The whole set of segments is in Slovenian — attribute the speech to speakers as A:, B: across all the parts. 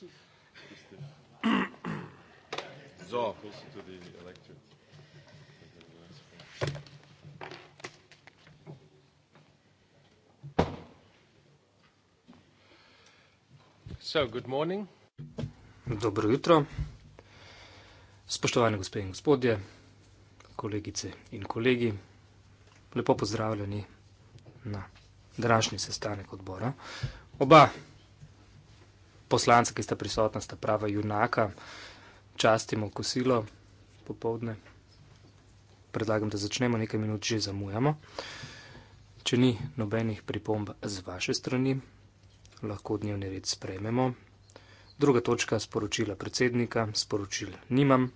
A: tistih.
B: So, so tudi
C: so, good morning. Dobro jutro. Spoštovane gospe in gospodje, kolegice in kolegi, lepo pozdravljeni na današnji sestanek odbora. Oba poslanca, ki sta prisotna, sta prava junaka. Častimo kosilo popovdne. Predlagam, da začnemo nekaj minut, že zamujamo. Če ni nobenih pripomb z vaše strani, lahko dnevni red sprejmemo. Druga točka sporočila predsednika, sporočil nimam.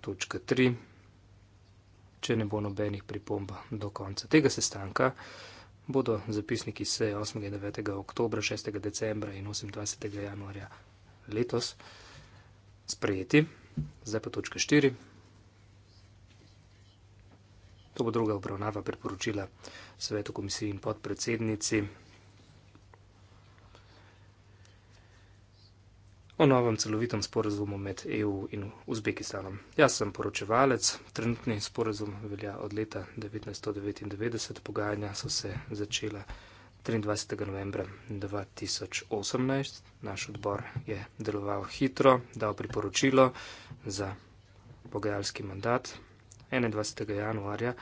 C: Točka tri, če ne bo nobenih pripomb do konca tega sestanka, bodo zapisniki se 8. in 9. oktobra, 6. decembra in 28. januarja letos sprejeti. Zdaj pa točka 4. To bo druga obravnava priporočila svetu komisiji in podpredsednici. o novem celovitem sporazumu med EU in Uzbekistanom. Jaz sem poročevalec, trenutni sporazum velja od leta 1999, pogajanja so se začela 23. novembra 2018. Naš odbor je deloval hitro, dal priporočilo za pogajalski mandat 21. januarja.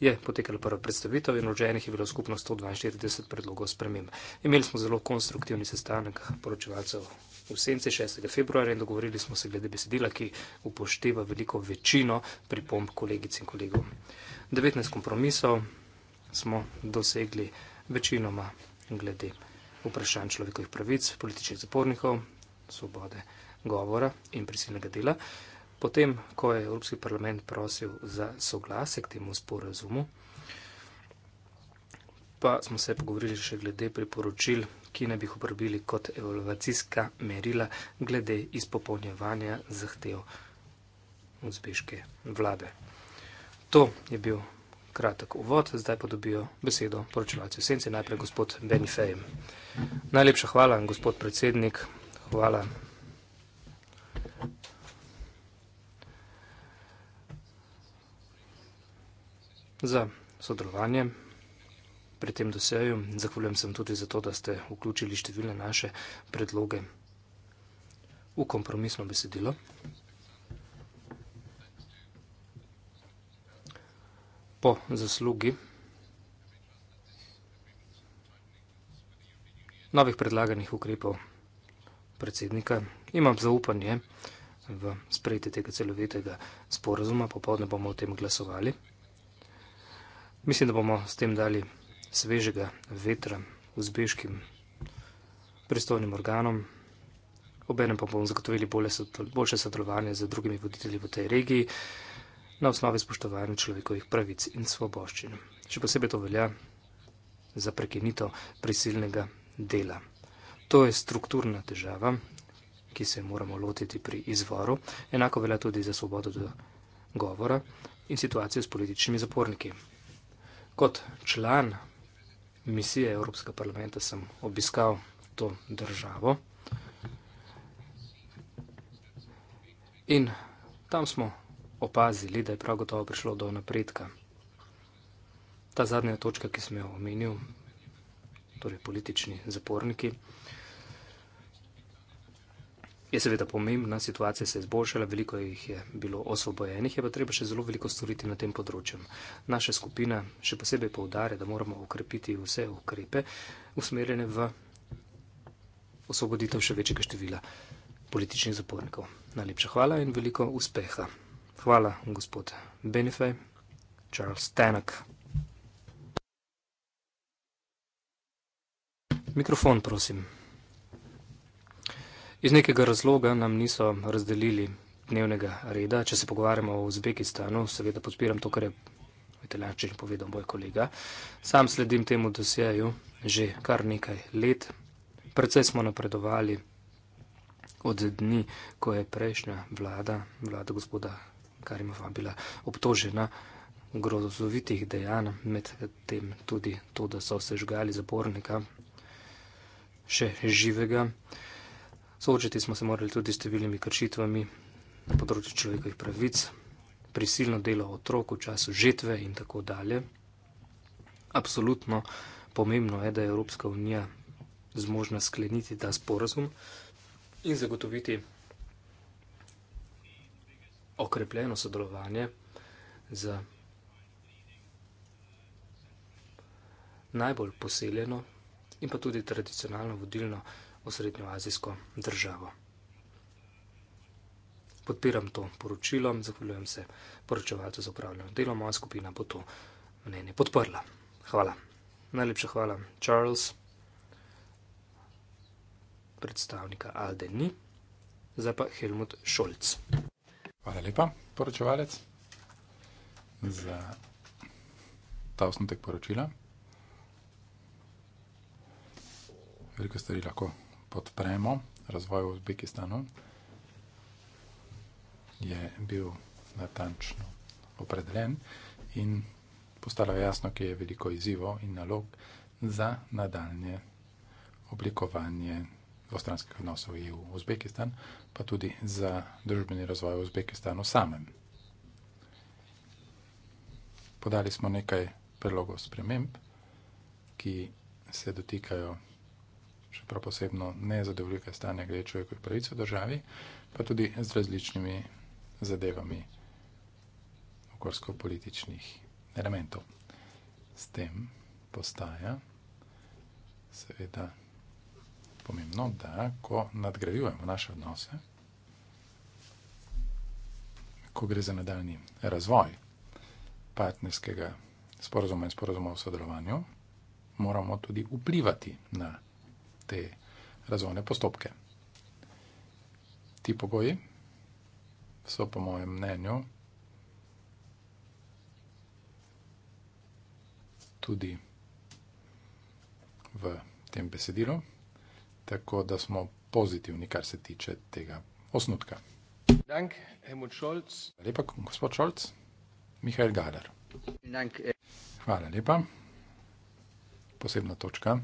C: Je potekala prva predstavitev in vloženih je bilo skupno 142 predlogov sprememb. Imeli smo zelo konstruktivni sestanek poročevalcev v senci 6. februarja in dogovorili smo se glede besedila, ki upošteva veliko večino pripomb kolegic in kolegov. 19 kompromisov smo dosegli večinoma glede vprašanj človekovih pravic, političnih zapornikov, svobode govora in prisilnega dela. Potem, ko je Evropski parlament prosil za soglasje k temu sporazumu, pa smo se pogovorili še glede priporočil ki naj bi jih uporabili kot evalvacijska merila glede izpopolnjevanja zahtev uzbeške vlade. To je bil kratek uvod, zdaj pa dobijo besedo poročevalce Sence, najprej gospod Benifej. Najlepša hvala, gospod predsednik, hvala. Za sodelovanje pri tem doseju. Zahvaljujem se tudi za to, da ste vključili številne naše predloge v kompromisno besedilo. Po zaslugi novih predlaganih ukrepov predsednika imam zaupanje v sprejete tega celovitega sporazuma, popovdne bomo o tem glasovali. Mislim, da bomo s tem dali svežega vetra uzbeškim pristojnim organom. Obenem pa bomo zagotovili boljše sodelovanje z drugimi voditelji v tej regiji na osnovi spoštovanja človekovih pravic in svoboščin. Še posebej to velja za prekinito prisilnega dela. To je strukturna težava, ki se moramo lotiti pri izvoru. Enako velja tudi za svobodo do govora in situacijo s političnimi zaporniki. Kot član misije Evropskega parlamenta sem obiskal to državo. In tam smo opazili, da je prav gotovo prišlo do napredka. Ta zadnja točka, ki sem jo omenil, torej politični zaporniki, Je seveda pomembna, situacija se je izboljšala, veliko jih je bilo osvobojenih, je pa treba še zelo veliko storiti na tem področju. Naša skupina še posebej povdarja, da moramo ukrepiti vse ukrepe usmerjene v osvoboditev še večjega števila političnih zapornikov. Najlepša hvala in veliko uspeha. Hvala, gospod Benefej, Charles Tanak. Mikrofon, prosim. Iz nekega razloga nam niso razdelili dnevnega reda. Če se pogovarjamo o Uzbekistanu, seveda podpiram to, kar je v italijančini povedal moj kolega. Sam sledim temu dosjeju že kar nekaj let. Predvsej smo napredovali od dni, ko je prejšnja vlada, vlada gospoda Karimova, bila obtožena grozovitih dejanj, med tem tudi to, da so se žgali zapornika še živega. Soočiti smo se morali tudi s številnimi kršitvami na področju človekovih pravic, prisilno delo otrok v času žetve in tako dalje. Absolutno pomembno je, da je Evropska unija zmožna skleniti ta sporazum in zagotoviti okrepljeno sodelovanje z najbolj poseljeno in pa tudi tradicionalno vodilno osrednjoazijsko državo. Podpiram to poročilo, zahvaljujem se poročevalcu za upravljanje delo, moja skupina bo to mnenje podprla. Hvala. Najlepša hvala, Charles, predstavnika Alde Ni, zdaj pa Helmut Šolc. Hvala lepa, poročevalec,
B: za ta osnotek poročila. Veliko stvari lahko podpremo razvoj v Uzbekistanu, je bil natančno opredeljen in postalo jasno, kje je veliko izzivo in nalog za nadaljne oblikovanje dvostranskih odnosov EU v Uzbekistan, pa tudi za družbeni razvoj v Uzbekistanu samem. Podali smo nekaj predlogov sprememb, ki se dotikajo še prav posebno nezadovoljive stanje glede človekovih pravic v državi, pa tudi z različnimi zadevami okoljsko-političnih elementov. S tem postaja seveda pomembno, da ko nadgrajujemo naše odnose, ko gre za nadaljni razvoj partnerskega sporozuma in sporozuma o sodelovanju, moramo tudi vplivati na te razvojne postopke. Ti pogoji so, po mojem mnenju, tudi v tem besedilu, tako da smo pozitivni, kar se tiče tega osnutka. Dank, Hvala lepa, gospod Šolc. Mihajl Gadar. Eh. Hvala lepa. Posebna točka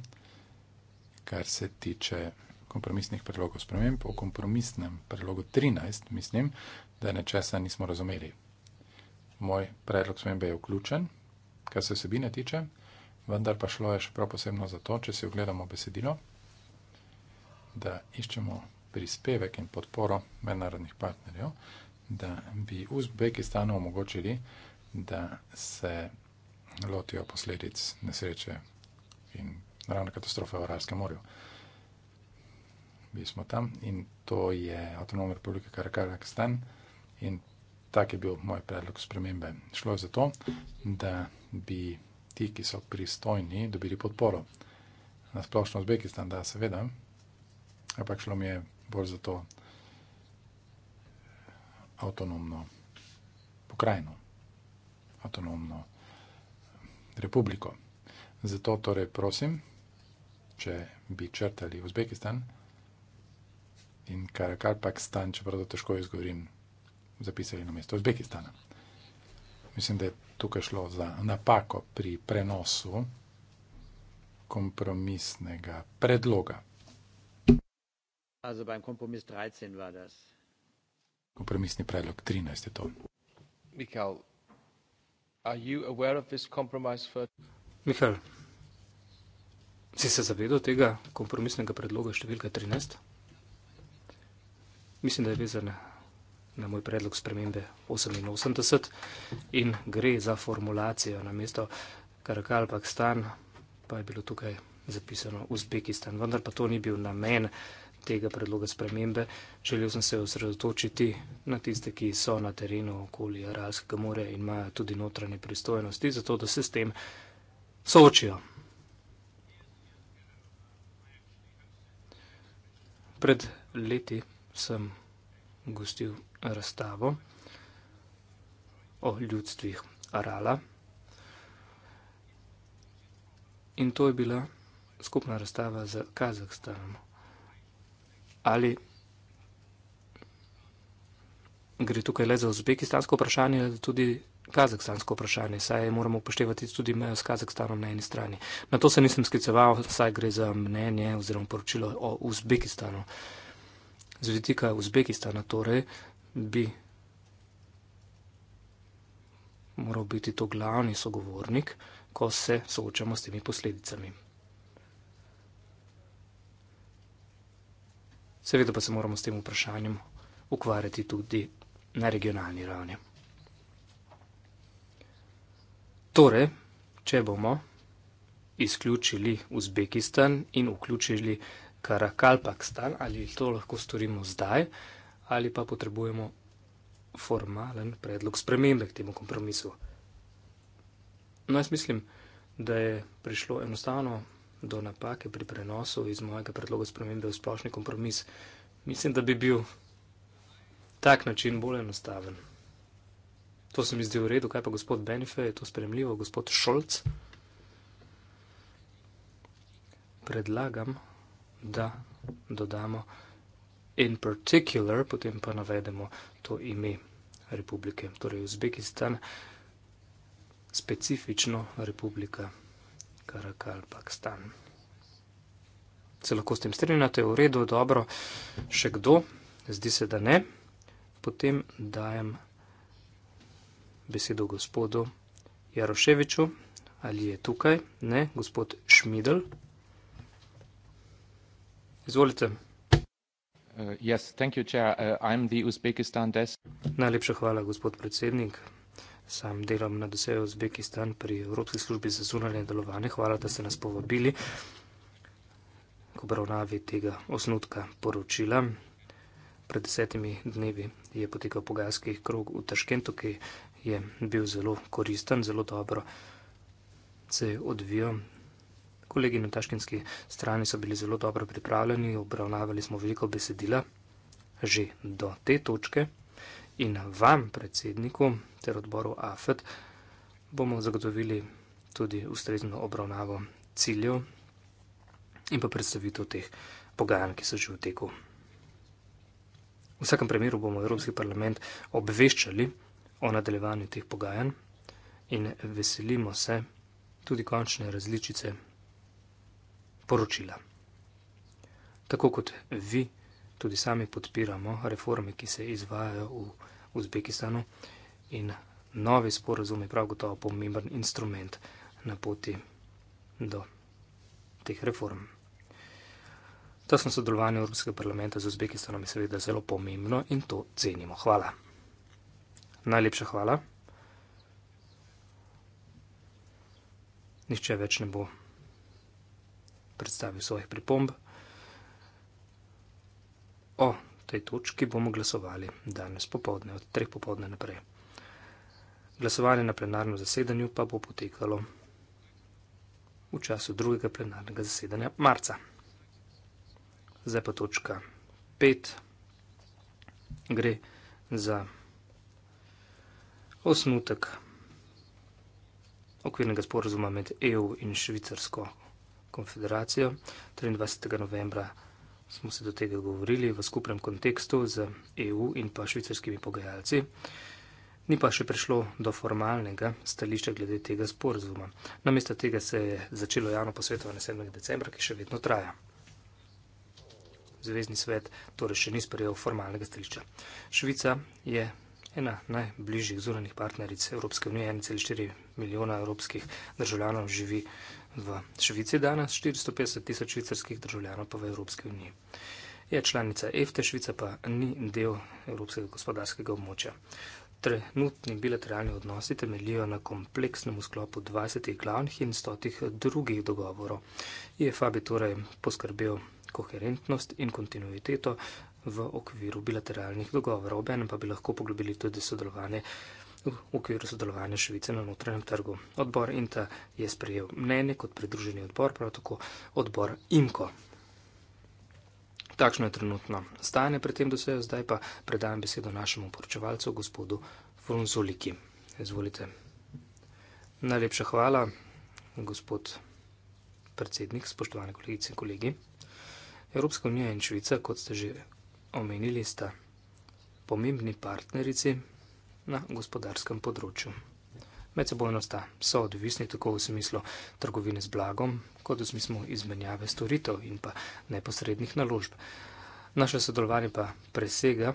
B: kar se tiče kompromisnih predlogov sprememb. V kompromisnem predlogu 13 mislim, da nečesa nismo razumeli. Moj predlog spremembe je vključen, kar se vsebine tiče, vendar pa šlo je še prav posebno za to, če si ogledamo besedilo, da iščemo prispevek in podporo mednarodnih partnerjev, da bi Uzbekistanu omogočili, da se lotijo posledic nesreče in naravne katastrofe v Aralskem morju. Bili smo tam in to je Avtonomna republika Karakalakstan in tak je bil moj predlog spremembe. Šlo je za to, da bi ti, ki so pristojni, dobili podporo. Na splošno Uzbekistan, da seveda, ampak šlo mi je bolj za to avtonomno pokrajino, avtonomno republiko. Zato torej prosim, če bi črtali Uzbekistan in Karakal, Pakistan, čeprav to težko izgovorim, zapisali na mesto Uzbekistana. Mislim, da je tukaj šlo za napako pri prenosu kompromisnega predloga. Also beim Kompromiss 13 war das. Kompromisni predlog 13 je to. Michael,
C: are you aware of this compromise for... Michael, Si se zavedal tega kompromisnega predloga številka 13? Mislim, da je vezan na moj predlog spremembe 88 in gre za formulacijo na mesto Karakal Pakistan, pa je bilo tukaj zapisano Uzbekistan. Vendar pa to ni bil namen tega predloga spremembe. Želel sem se osredotočiti na tiste, ki so na terenu okoli Aralskega morja in imajo tudi notranje pristojnosti, zato da se s tem soočijo. pred leti sem gostil razstavo o ljudstvih Arala. In to je bila skupna razstava z Kazahstanom. Ali gre tukaj le za uzbekistansko vprašanje, ali tudi kazahstansko vprašanje, saj moramo upoštevati tudi mejo s Kazahstanom na eni strani. Na to se nisem skliceval, saj gre za mnenje oziroma poročilo o Uzbekistanu. Z vidika Uzbekistana torej bi moral biti to glavni sogovornik, ko se soočamo s temi posledicami. Seveda pa se moramo s tem vprašanjem ukvarjati tudi na regionalni ravni. Torej, če bomo izključili Uzbekistan in vključili Karakalpakstan, ali to lahko storimo zdaj, ali pa potrebujemo formalen predlog spremembe k temu kompromisu. No, jaz mislim, da je prišlo enostavno do napake pri prenosu iz mojega predloga spremembe v splošni kompromis. Mislim, da bi bil tak način bolj enostaven. To se mi zdi v redu, kaj pa gospod Benfe, je to spremljivo, gospod Šolc. Predlagam, da dodamo in particular, potem pa navedemo to ime republike. Torej, Uzbekistan, specifično republika Karakalpakstan. Se lahko s tem strinjate, v redu, dobro, še kdo? Zdi se, da ne. Potem dajem besedo gospodu Jaroševiču. Ali je tukaj? Ne, gospod Šmidl. Izvolite. Uh, yes, thank you, chair. Uh, I'm the Uzbekistan desk. Najlepša hvala, gospod predsednik. Sam delam na doseju Uzbekistan pri Evropski službi za zunanje delovanje. Hvala, da ste nas povabili k obravnavi tega osnutka poročila. Pred desetimi dnevi je potekal pogajalski krog v Taškentu, ki je bil zelo koristen, zelo dobro se je odvijal. Kolegi na taškinski strani so bili zelo dobro pripravljeni, obravnavali smo veliko besedila že do te točke in vam, predsedniku ter odboru AFED, bomo zagotovili tudi ustrezno obravnavo ciljev in pa predstavitev teh pogajanj, ki so že v teku. V vsakem primeru bomo Evropski parlament obveščali, o nadaljevanju teh pogajanj in veselimo se tudi končne različice poročila. Tako kot vi, tudi sami podpiramo reforme, ki se izvajajo v Uzbekistanu in novi sporozum je prav gotovo pomemben instrument na poti do teh reform. Tesno sodelovanje Evropskega parlamenta z Uzbekistanom je seveda zelo pomembno in to cenimo. Hvala. Najlepša hvala. Nihče več ne bo predstavil svojih pripomb. O tej točki bomo glasovali danes popovdne, od treh popovdne naprej. Glasovanje na plenarnem zasedanju pa bo potekalo v času drugega plenarnega zasedanja marca. Zdaj pa točka 5 gre za osnutek okvirnega sporozuma med EU in Švicarsko konfederacijo. 23. novembra smo se do tega govorili v skupnem kontekstu z EU in pa švicarskimi pogajalci. Ni pa še prišlo do formalnega stališča glede tega sporozuma. Namesto tega se je začelo javno posvetovanje 7. decembra, ki še vedno traja. Zvezdni svet torej še ni sprejel formalnega stališča. Švica je ena najbližjih zunanih partneric Evropske unije, 1,4 milijona evropskih državljanov živi v Švici danes, 450 tisoč švicarskih državljanov pa v Evropske unije. Je članica EFTE, Švica pa ni del Evropskega gospodarskega območja. Trenutni bilateralni odnosi temeljijo na kompleksnem sklopu 20 glavnih in 100 drugih dogovorov. IFA bi torej poskrbel koherentnost in kontinuiteto v okviru bilateralnih dogovorov, obenem pa bi lahko poglobili tudi sodelovanje v okviru sodelovanja Švice na notranjem trgu. Odbor INTA je sprejel mnenje kot pridruženi odbor, prav tako odbor IMKO. Takšno je trenutno stanje pri tem dosegu, zdaj pa predajam besedo našemu poročevalcu, gospodu Frunzuliki. Izvolite. Najlepša hvala, gospod predsednik, spoštovane kolegice in kolegi. Evropska unija in Švica, kot ste že omenili sta pomembni partnerici na gospodarskem področju. Med sebojno sta soodvisni tako v smislu trgovine z blagom, kot v smislu izmenjave storitev in pa neposrednih naložb. Naše sodelovanje pa presega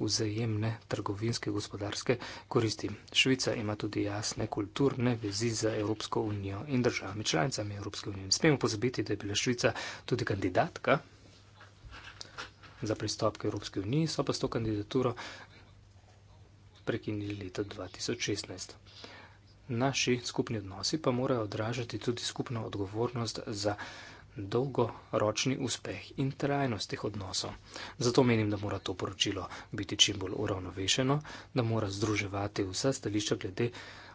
C: vzajemne trgovinske gospodarske koristi. Švica ima tudi jasne kulturne vezi z Evropsko unijo in državami članicami Evropske unije. Ne smemo pozabiti, da je bila Švica tudi kandidatka za pristop k Evropski uniji, so pa s to kandidaturo prekinili leta 2016. Naši skupni odnosi pa morajo odražati tudi skupno odgovornost za dolgoročni uspeh in trajnost teh odnosov. Zato menim, da mora to poročilo biti čim bolj uravnovešeno, da mora združevati vsa stališča glede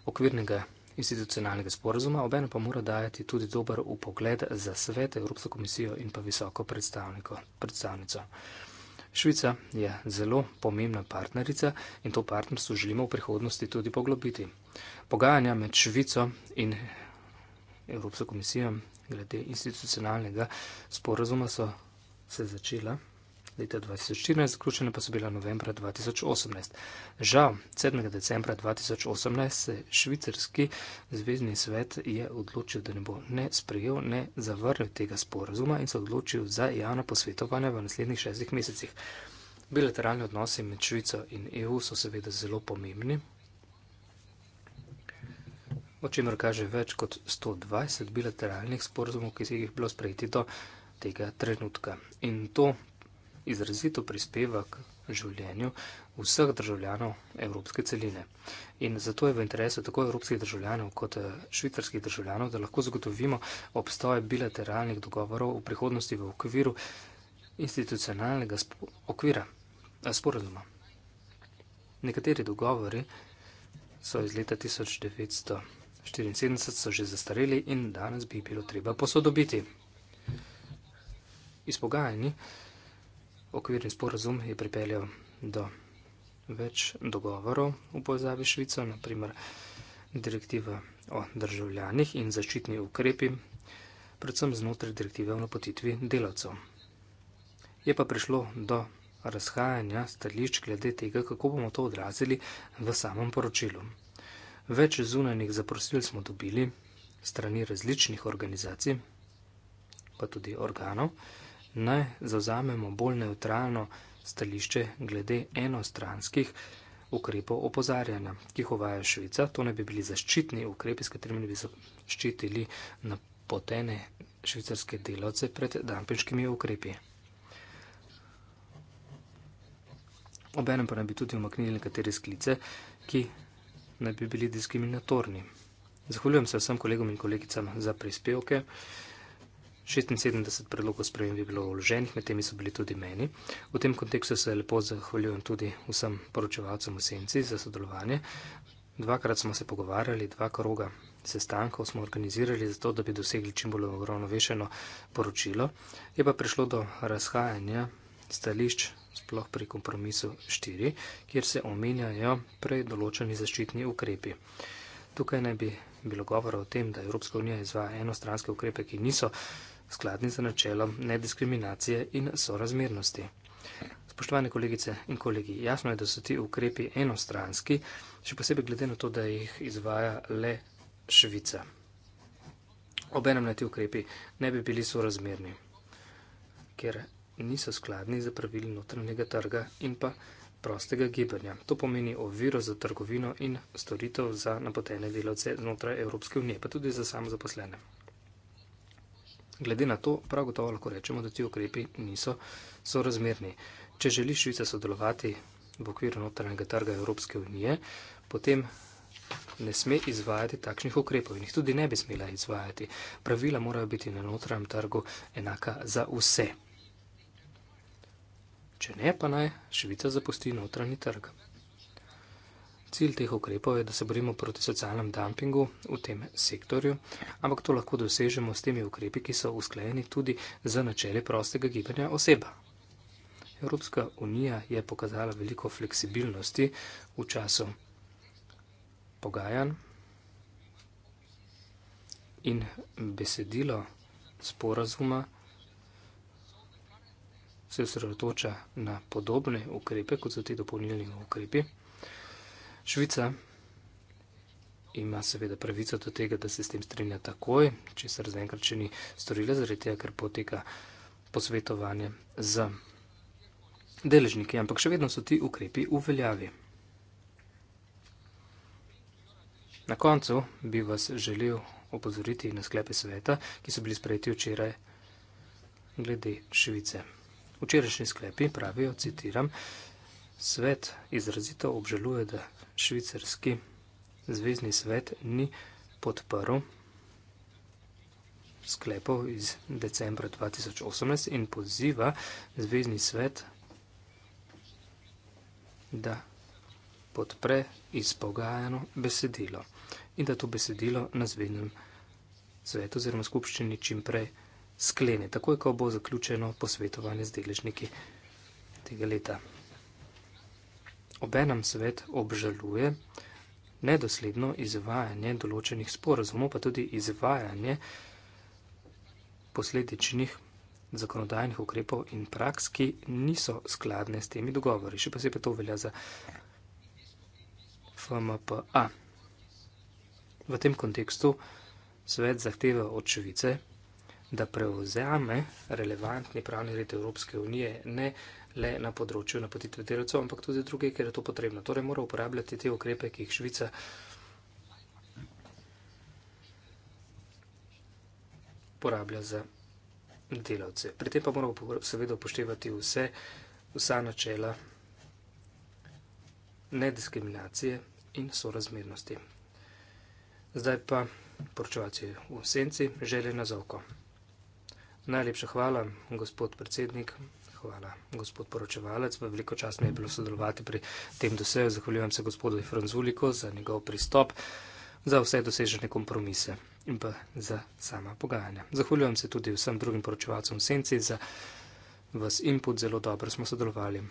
C: okvirnega institucionalnega sporazuma, obenem pa mora dajati tudi dober upogled za svet Evropsko komisijo in pa visoko predstavnico. Švica je zelo pomembna partnerica in to partnerstvo želimo v prihodnosti tudi poglobiti. Pogajanja med Švico in Evropsko komisijo glede institucionalnega sporazuma so se začela leta 2014, zaključene pa so bile novembra 2018. Žal, 7. decembra 2018 se švicarski zvezdni svet je odločil, da ne bo ne sprejel, ne zavrnil tega sporazuma in se odločil za javno posvetovanje v naslednjih šestih mesecih. Bilateralni odnosi med Švico in EU so seveda zelo pomembni. O čemer kaže več kot 120 bilateralnih sporozumov, ki se jih bilo sprejeti do tega trenutka. In to izrazito prispeva k življenju vseh državljanov Evropske celine. In zato je v interesu tako evropskih državljanov kot eh, švicarskih državljanov, da lahko zagotovimo obstoje bilateralnih dogovorov v prihodnosti v okviru institucionalnega spo okvira eh, sporozuma. Nekateri dogovori so iz leta 1974 so že zastareli in danes bi jih bilo treba posodobiti. Izpogajanji okvirni sporazum je pripeljal do več dogovorov v povezavi s Švico, naprimer direktiva o državljanih in zaščitni ukrepi, predvsem znotraj direktive o napotitvi delavcev. Je pa prišlo do razhajanja stališč glede tega, kako bomo to odrazili v samem poročilu. Več zunanjih zaprosil smo dobili strani različnih organizacij, pa tudi organov, naj zauzamemo bolj neutralno stališče glede enostranskih ukrepov opozarjanja, ki jih uvaja Švica. To ne bi bili zaščitni ukrepi, s katerimi bi se ščitili napotene švicarske delavce pred dampiškimi ukrepi. Obenem pa naj bi tudi omaknili nekatere sklice, ki naj bi bili diskriminatorni. Zahvaljujem se vsem kolegom in kolegicam za prispevke. 76 predlogov sprememb je bilo vloženih, med temi so bili tudi meni. V tem kontekstu se lepo zahvaljujem tudi vsem poročevalcem v Senci za sodelovanje. Dvakrat smo se pogovarjali, dva kroga sestankov smo organizirali, zato da bi dosegli čim bolj uravnovešeno poročilo. Je pa prišlo do razhajanja stališč, sploh pri kompromisu 4, kjer se omenjajo prej določeni zaščitni ukrepi. Tukaj naj bi bilo govora o tem, da Evropska unija izvaja enostranske ukrepe, ki niso skladni z načelom nediskriminacije in sorazmernosti. Spoštovane kolegice in kolegi, jasno je, da so ti ukrepi enostranski, še posebej glede na to, da jih izvaja le Švica. Obenem na ti ukrepi ne bi bili sorazmerni, ker niso skladni za pravili notranjega trga in pa prostega gibanja. To pomeni oviro za trgovino in storitev za napotene delavce znotraj Evropske unije, pa tudi za samozaposlene. Glede na to, prav gotovo lahko rečemo, da ti ukrepi niso sorazmerni. Če želi Švica sodelovati v okviru notranjega trga Evropske unije, potem ne sme izvajati takšnih ukrepov in jih tudi ne bi smela izvajati. Pravila morajo biti na notranjem trgu enaka za vse. Če ne, pa naj Švica zapusti notranji trg. Cilj teh ukrepov je, da se borimo proti socialnem dumpingu v tem sektorju, ampak to lahko dosežemo s temi ukrepi, ki so usklajeni tudi za načele prostega gibanja oseba. Evropska unija je pokazala veliko fleksibilnosti v času pogajanj in besedilo sporazuma se osredotoča na podobne ukrepe, kot so ti dopolnilni ukrepi. Švica ima seveda pravico do tega, da se s tem strinja takoj, če se razenkrat še ni storila, zaradi tega, ker poteka posvetovanje z deležniki, ampak še vedno so ti ukrepi v veljavi. Na koncu bi vas želel opozoriti na sklepe sveta, ki so bili sprejeti včeraj glede Švice. Včerajšnji sklepi pravijo, citiram, svet izrazito obžaluje, da švicarski zvezdni svet ni podprl sklepov iz decembra 2018 in poziva zvezdni svet, da podpre izpogajano besedilo in da to besedilo na zvezdnem svetu oziroma skupščini čimprej sklene, takoj, ko bo zaključeno posvetovanje z deležniki tega leta obenem svet obžaluje nedosledno izvajanje določenih sporazumov, pa tudi izvajanje posledičnih zakonodajnih ukrepov in praks, ki niso skladne s temi dogovori. Še posebej to velja za FMPA. V tem kontekstu svet zahteva od Švice, da prevzame relevantni pravni red Evropske unije ne zahteva, le na področju napotitve delavcev, ampak tudi druge, ker je to potrebno. Torej mora uporabljati te ukrepe, ki jih Švica uporablja za delavce. Pri tem pa mora seveda upoštevati vse, vsa načela nediskriminacije in sorazmernosti. Zdaj pa poročevalci v senci, željena za oko. Najlepša hvala, gospod predsednik. Hvala, gospod poročevalec. Veliko čas mi je bilo sodelovati pri tem doseju. Zahvaljujem se gospodu Franzuliku za njegov pristop, za vse dosežene kompromise in pa za sama pogajanja. Zahvaljujem se tudi vsem drugim poročevalcem v Senci za vas input. Zelo dobro smo sodelovali.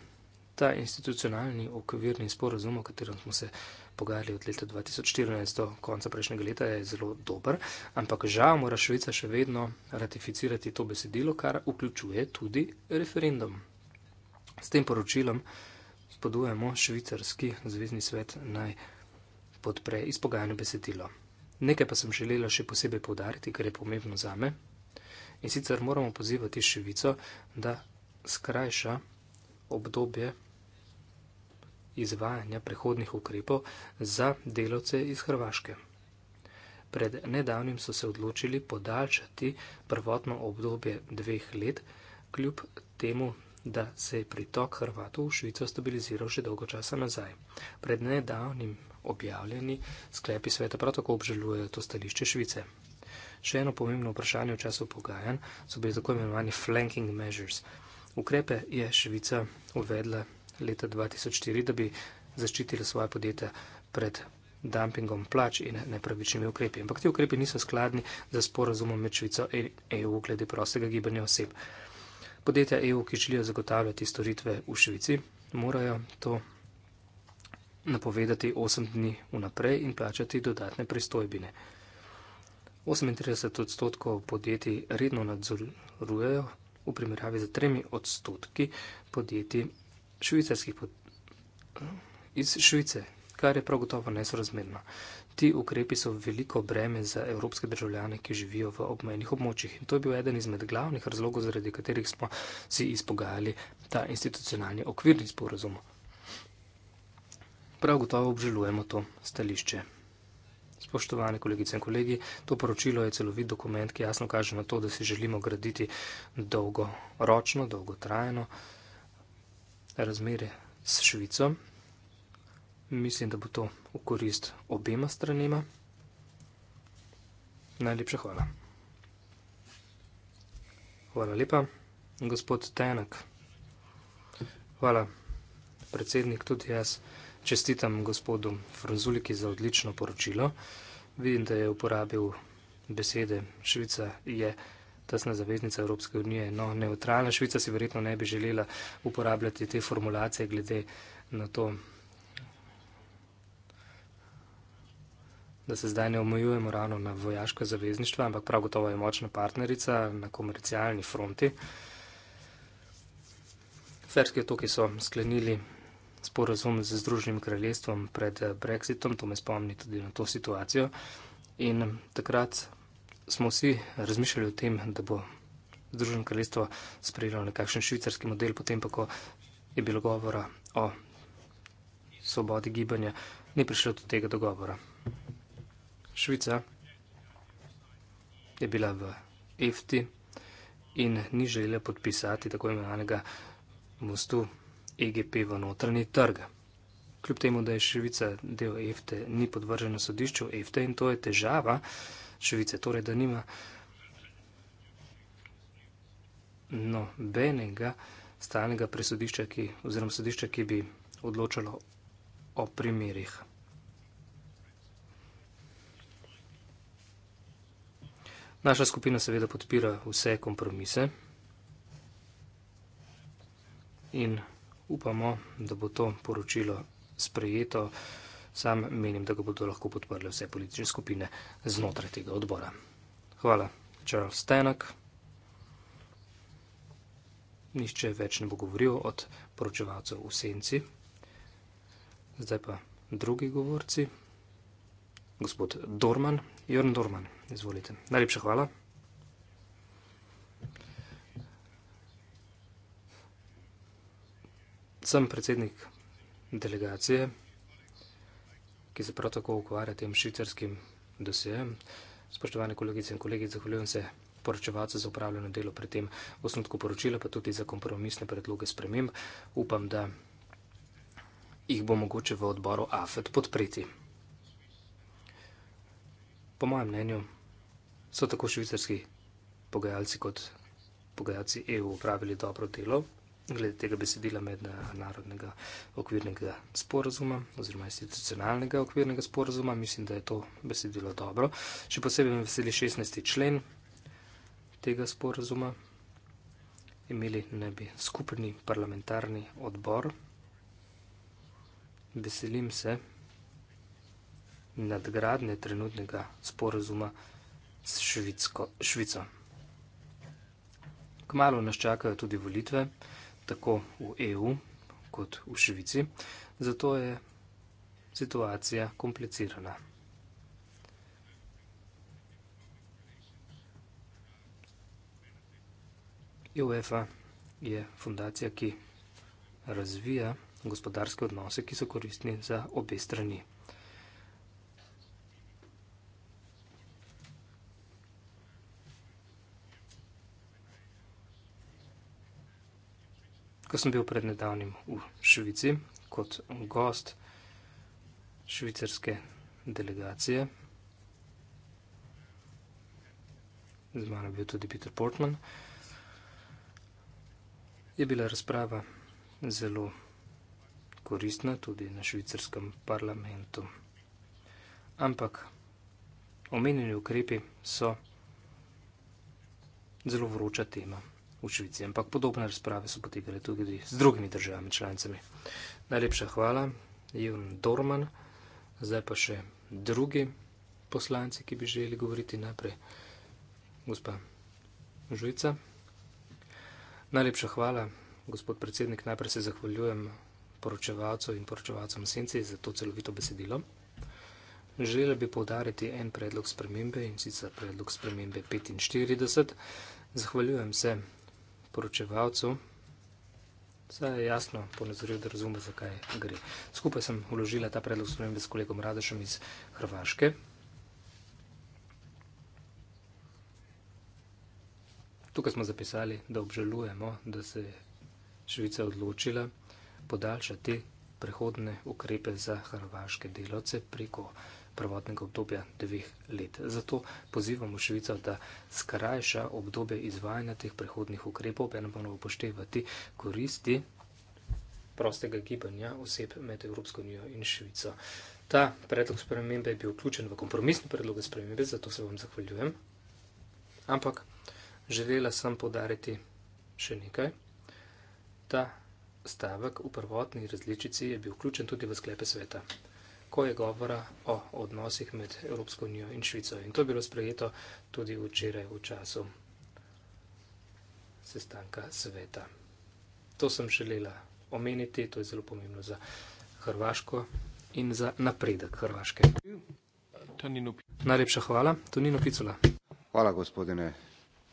C: Ta institucionalni okvirni sporozum, o katerem smo se pogajali od leta 2014 do konca prejšnjega leta, je zelo dober. Ampak žal mora Švica še vedno ratificirati to besedilo, kar vključuje tudi referendum. S tem poročilom spodujemo švicarski zvezdni svet naj podpre izpogajano besedilo. Nekaj pa sem želela še posebej povdariti, kar je pomembno za me. In sicer moramo pozivati Švico, da skrajša obdobje izvajanja prihodnih ukrepov za delavce iz Hrvaške. Pred nedavnim so se odločili podaljšati prvotno obdobje dveh let, kljub temu, da se je pritok Hrvatov v Švico stabiliziral že dolgo časa nazaj. Pred nedavnim objavljeni sklepi sveta prav tako obžalujejo to stališče Švice. Še eno pomembno vprašanje v času pogajanj so bili tako imenovani flanking measures. Ukrepe je Švica uvedla leta 2004, da bi zaščitili svoje podjetje pred dumpingom plač in nepravičnimi ukrepi. Ampak ti ukrepi niso skladni za sporazumom med Švico in EU glede prostega gibanja oseb. Podjetja EU, ki želijo zagotavljati storitve v Švici, morajo to napovedati 8 dni vnaprej in plačati dodatne pristojbine. 38 odstotkov podjetij redno nadzorujejo, v primerjavi z 3 odstotki podjetij švicarskih pot, iz Švice, kar je prav gotovo nesorazmerno. Ti ukrepi so veliko breme za evropske državljane, ki živijo v obmejnih območjih. In to je bil eden izmed glavnih razlogov, zaradi katerih smo si izpogajali ta institucionalni okvirni sporazum. Prav gotovo obžalujemo to stališče. Spoštovane kolegice in kolegi, to poročilo je celovit dokument, ki jasno kaže na to, da si želimo graditi dolgoročno, dolgotrajno razmere s Švico. Mislim, da bo to v korist obema stranima. Najlepša hvala. Hvala lepa, gospod Tenak. Hvala, predsednik, tudi jaz. Čestitam gospodu Franzuliki za odlično poročilo. Vidim, da je uporabil besede Švica je tesna zaveznica Evropske unije. No, neutralna Švica si verjetno ne bi želela uporabljati te formulacije glede na to, da se zdaj ne omejujemo ravno na vojaška zavezništva, ampak prav gotovo je močna partnerica na komercialni fronti. Ferski otoki so sklenili sporazum z Združenim kraljestvom pred eh, Brexitom, to me spomni tudi na to situacijo. In takrat smo vsi razmišljali o tem, da bo Združeno kraljestvo sprejelo nekakšen švicarski model, potem pa, ko je bilo govora o svobodi gibanja, ni prišlo do tega dogovora. Švica je bila v EFTI in ni želela podpisati tako imenovanega mostu EGP v notranji trg. Kljub temu, da je Švica del EFTE, ni podvržena sodišču EFTE in to je težava, živice. Torej, da nima nobenega stalnega presodišča, ki, oziroma sodišča, ki bi odločalo o primerih. Naša skupina seveda podpira vse kompromise in upamo, da bo to poročilo sprejeto. Sam menim, da ga bodo lahko podprle vse politične skupine znotraj tega odbora. Hvala, Charles Tenak. Nišče več ne bo govoril od poročevalcev v senci. Zdaj pa drugi govorci. Gospod Dorman, Jorn Dorman, izvolite. Najlepša hvala. Sem predsednik delegacije ki se prav tako ukvarja tem švicarskim dosjejem. Spoštovane kolegice in kolegi, zahvaljujem se poročevalcu za upravljeno delo pri tem osnutku poročila, pa tudi za kompromisne predloge sprememb. Upam, da jih bo mogoče v odboru AFED podpreti. Po mojem mnenju so tako švicarski pogajalci kot pogajalci EU upravili dobro delo glede tega besedila mednarodnega okvirnega sporazuma oziroma institucionalnega okvirnega sporazuma. Mislim, da je to besedilo dobro. Še posebej me veseli 16. člen tega sporazuma. Imeli naj bi skupni parlamentarni odbor. Veselim se nadgradnje trenutnega sporazuma s Švico. Kmalo nas čakajo tudi volitve tako v EU kot v Švici, zato je situacija komplicirana. UEFA je fundacija, ki razvija gospodarske odnose, ki so koristni za obe strani. Ko sem bil pred nedavnim v Švici kot gost švicarske delegacije, z mano je bil tudi Peter Portman, je bila razprava zelo koristna tudi na švicarskem parlamentu. Ampak omenjeni ukrepi so zelo vroča tema v Švici. Ampak podobne razprave so potekale tudi z drugimi državami članicami. Najlepša hvala, Jun Dorman. Zdaj pa še drugi poslanci, ki bi želeli govoriti najprej. Gospa Žujica. Najlepša hvala, gospod predsednik. Najprej se zahvaljujem poročevalcev in poročevalcem Senci za to celovito besedilo. Želela bi povdariti en predlog spremembe in sicer predlog spremembe 45. Zahvaljujem se poročevalcu. Vse je jasno, ponazoril, da razume, zakaj gre. Skupaj sem uložila ta predlog spremembe s kolegom Radošem iz Hrvaške. Tukaj smo zapisali, da obžalujemo, da se je Švica odločila podaljšati prehodne ukrepe za hrvaške delavce preko Hrvaške prvotnega obdobja dveh let. Zato pozivamo Švico, da skrajša obdobje izvajanja teh prehodnih ukrepov, pa ne bomo upoštevati koristi prostega gibanja oseb med Evropsko unijo in Švico. Ta predlog spremembe je bil vključen v kompromisni predlog spremembe, zato se vam zahvaljujem. Ampak želela sem podariti še nekaj. Ta stavek v prvotni različici je bil vključen tudi v sklepe sveta ko je govora o odnosih med Evropsko unijo in Švico. In to je bilo sprejeto tudi včeraj v času sestanka sveta. To sem želela omeniti, to je zelo pomembno za Hrvaško in za napredek Hrvaške. Najlepša hvala. Tonino Picula.
A: Hvala gospodine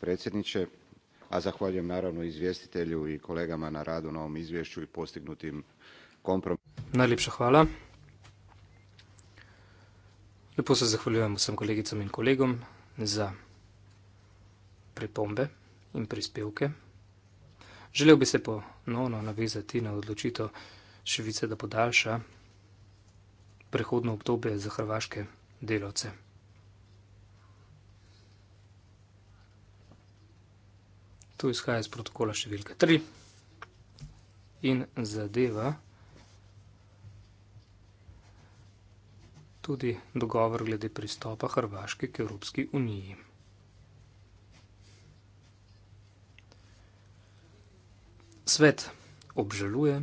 A: predsjedniče, a zahvaljujem naravno izvjestitelju i kolegama na radu na ovom izvješću i postignutim kompromisom.
C: Najlepša hvala. Lepo se zahvaljujem vsem kolegicam in kolegom za pripombe in prispevke. Želel bi se ponovno navezati na odločitev Šivice, da podaljša prehodno obdobje za hrvaške delavce. To izhaja iz protokola številka 3 in zadeva tudi dogovor glede pristopa Hrvaške k Evropski uniji. Svet obžaluje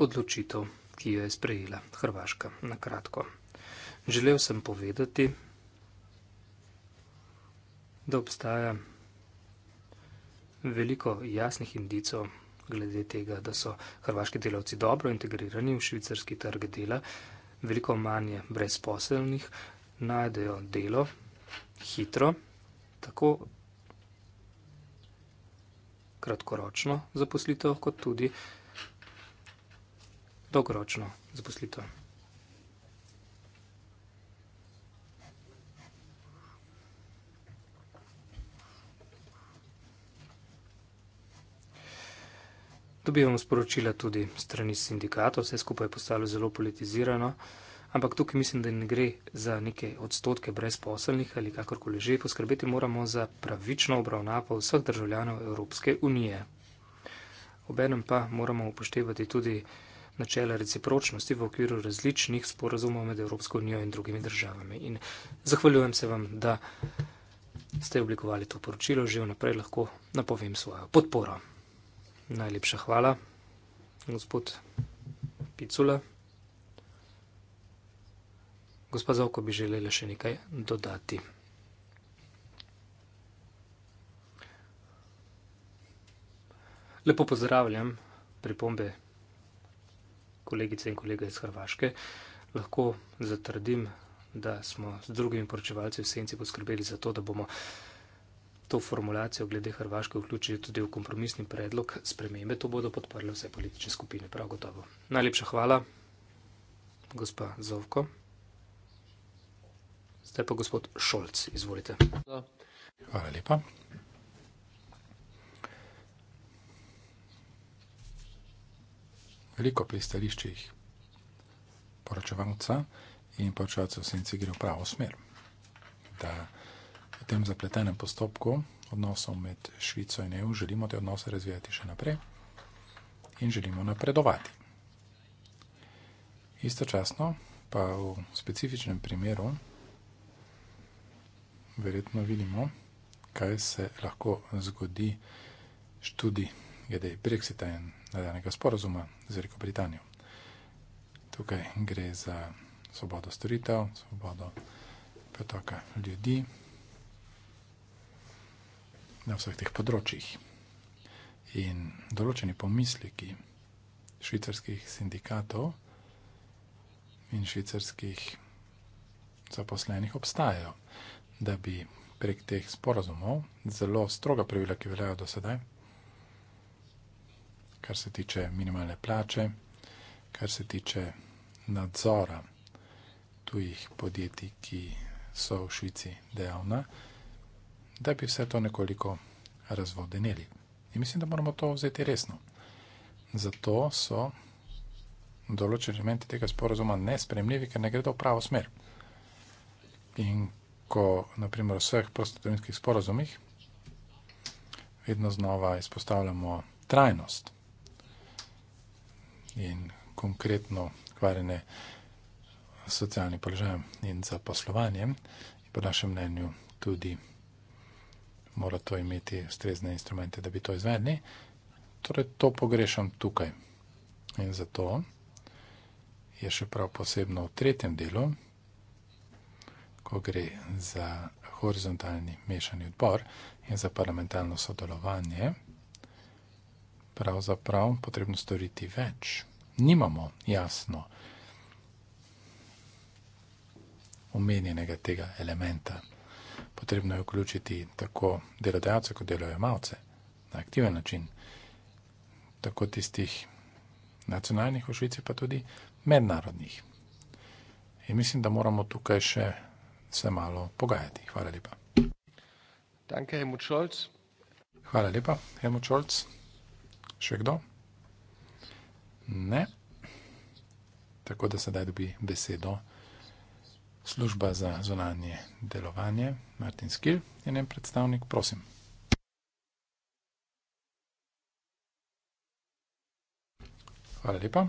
C: odločitev, ki jo je sprejela Hrvaška. Na kratko, želel sem povedati, da obstaja veliko jasnih indicov glede tega, da so hrvaški delavci dobro integrirani v švicarski trg dela veliko manj brezposelnih, najdejo delo hitro, tako kratkoročno zaposlitev, kot tudi dolgoročno zaposlitev. dobivamo sporočila tudi strani sindikatov, vse skupaj je postalo zelo politizirano, ampak tukaj mislim, da ne gre za neke odstotke brezposelnih ali kakorkoli že, poskrbeti moramo za pravično obravnavo vseh državljanov Evropske unije. Obenem pa moramo upoštevati tudi načela recipročnosti v okviru različnih sporazumov med Evropsko unijo in drugimi državami. In zahvaljujem se vam, da ste oblikovali to poročilo, že vnaprej lahko napovem svojo podporo. Najlepša hvala, gospod Picula. Gospa Zavko bi želela še nekaj dodati. Lepo pozdravljam pripombe kolegice in kolega iz Hrvaške. Lahko zatrdim, da smo z drugimi poročevalci v senci poskrbeli za to, da bomo to formulacijo glede Hrvaške vključili tudi v kompromisni predlog spremembe, to bodo podprle vse politične skupine, prav gotovo. Najlepša hvala, gospa Zovko. Zdaj pa gospod Šolc, izvolite. Hvala lepa.
B: Veliko pri stališčih poročevalca in poročevalcev senci gre v pravo smer. Da tem zapletenem postopku odnosov med Švico in EU želimo te odnose razvijati še naprej in želimo napredovati. Istočasno pa v specifičnem primeru verjetno vidimo, kaj se lahko zgodi študi glede Brexita in nadaljnega sporozuma z Veliko Britanijo. Tukaj gre za svobodo storitev, svobodo pretoka ljudi na vseh teh področjih. In določeni pomisleki švicarskih sindikatov in švicarskih zaposlenih obstajajo, da bi prek teh sporazumov, zelo stroga pravila, ki veljajo do sedaj, kar se tiče minimalne plače, kar se tiče nadzora tujih podjetij, ki so v Švici dejavna, da bi vse to nekoliko razvodenili. In mislim, da moramo to vzeti resno. Zato so določeni elementi tega sporozuma nespremljivi, ker ne gredo v pravo smer. In ko, naprimer, v vseh prostotovinskih sporozumih vedno znova izpostavljamo trajnost in konkretno kvarjene socialni položaj in zaposlovanje, in po našem mnenju tudi mora to imeti ustrezne instrumente, da bi to izvedli. Torej, to pogrešam tukaj. In zato je še prav posebno v tretjem delu, ko gre za horizontalni mešani odbor in za parlamentarno sodelovanje, pravzaprav potrebno storiti več. Nimamo jasno omenjenega tega elementa potrebno je vključiti tako delodajalce, kot delojemalce na aktiven način, tako tistih nacionalnih v Švici, pa tudi mednarodnih. In mislim, da moramo tukaj še se malo pogajati. Hvala lepa. Danke, Helmut Scholz. Hvala lepa, Helmut Scholz. Še kdo? Ne. Tako da sedaj dobi besedo služba za zonanje delovanje, Martin Skil je njen predstavnik, prosim. Hvala lepa.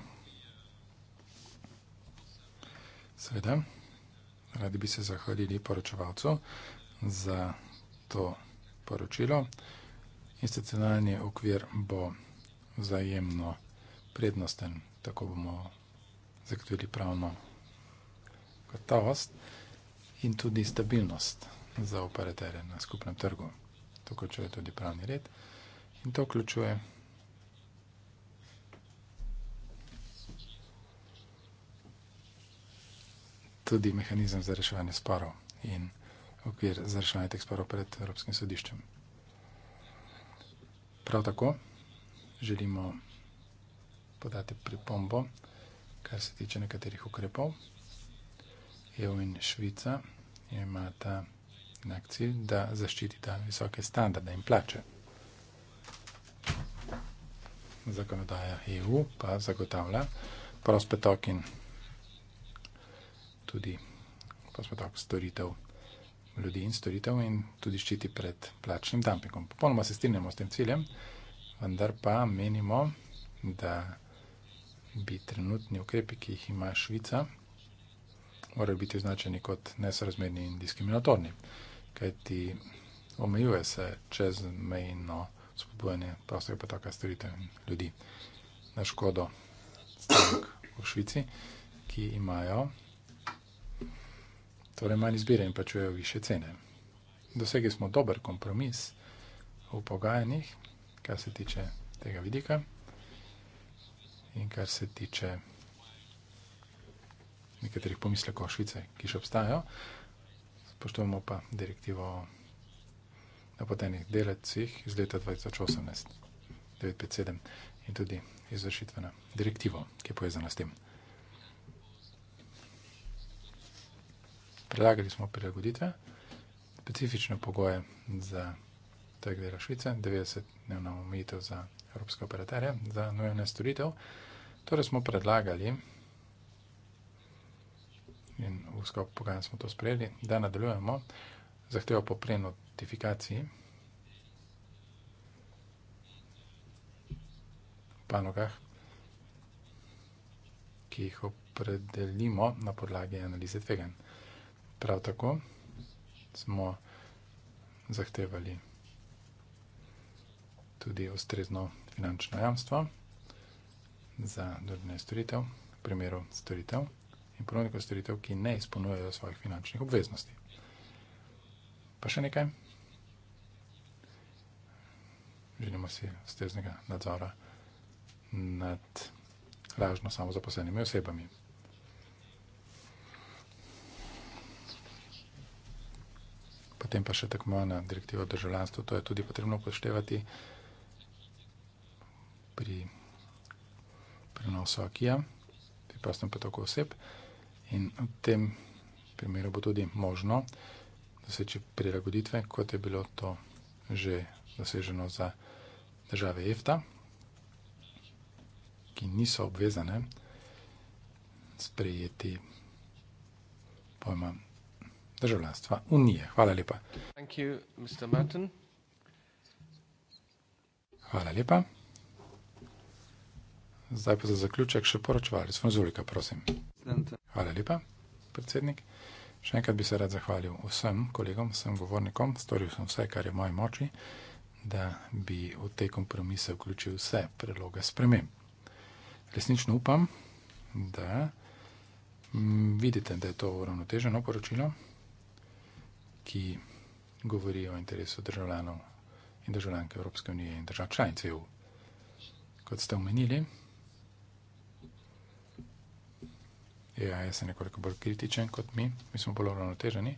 B: Seveda, radi bi se zahvalili poročevalcu za to poročilo. Institucionalni okvir bo vzajemno prednosten, tako bomo zagotovili pravno kakovost in tudi stabilnost za operaterje na skupnem trgu. To vključuje tudi pravni red in to vključuje tudi mehanizem za reševanje sporov in okvir za reševanje teh sporov pred Evropskim sodiščem. Prav tako želimo podati pripombo, kar se tiče nekaterih ukrepov. EU in Švica imata enak cilj, da zaščitita visoke standarde in plače. Zakonodaja EU pa zagotavlja prospetok in tudi prospetok storitev ljudi in storitev in tudi ščiti pred plačnim dumpingom. Popolnoma se strinjamo s tem ciljem, vendar pa menimo, da bi trenutni ukrepi, ki jih ima Švica, morajo biti označeni kot nesrazmerni in diskriminatorni, kajti omejuje se čezmejno spodbujanje prostega potoka storitev in ljudi na škodo strank v Švici, ki imajo torej manj izbire in plačujejo više cene. Dosegli smo dober kompromis v pogajanjih, kar se tiče tega vidika in kar se tiče nekaterih pomislekov Švice, ki še obstajajo. Spoštujemo pa direktivo o napotenih delecih iz leta 2018, 957 in tudi izvršitveno direktivo, ki je povezana s tem. Predlagali smo prilagoditve, specifične pogoje za tega dela Švice, 90-dnevna omejitev za evropske operaterje, za nujne storitev. Torej smo predlagali, in v sklopu pogajanj smo to sprejeli, da nadaljujemo zahtevo po prenotifikaciji v panogah, ki jih opredelimo na podlagi analize tvegan. Prav tako smo zahtevali tudi ustrezno finančno jamstvo za dodne storitev, v primeru storitev, in ponudnikov storitev, ki ne izpolnjujejo svojih finančnih obveznosti. Pa še nekaj. Želimo si steznega nadzora nad lažno samozaposlenimi osebami. Potem pa še tako mojena direktiva državljanstva, to je tudi potrebno upoštevati pri prenosu akija, pri prostem potoku oseb. In v tem primeru bo tudi možno, da se če prilagoditve, kot je bilo to že doseženo za države EFTA, ki niso obvezane sprejeti pojma državljanstva Unije. Hvala lepa. Thank you, Mr. Hvala lepa. Zdaj pa za zaključek še poročevalec. Fonzulika, prosim. Hvala lepa, predsednik. Še enkrat bi se rad zahvalil vsem kolegom, vsem govornikom. Storil sem vse, kar je v moji moči, da bi v te kompromise vključil vse predloge spremem. Resnično upam, da vidite, da je to uravnoteženo poročilo, ki govori o interesu državljanov in državljank Evropske unije in držav članic EU. Kot ste omenili, EAS ja, je nekoliko bolj kritičen kot mi, mi smo bolj uravnoteženi.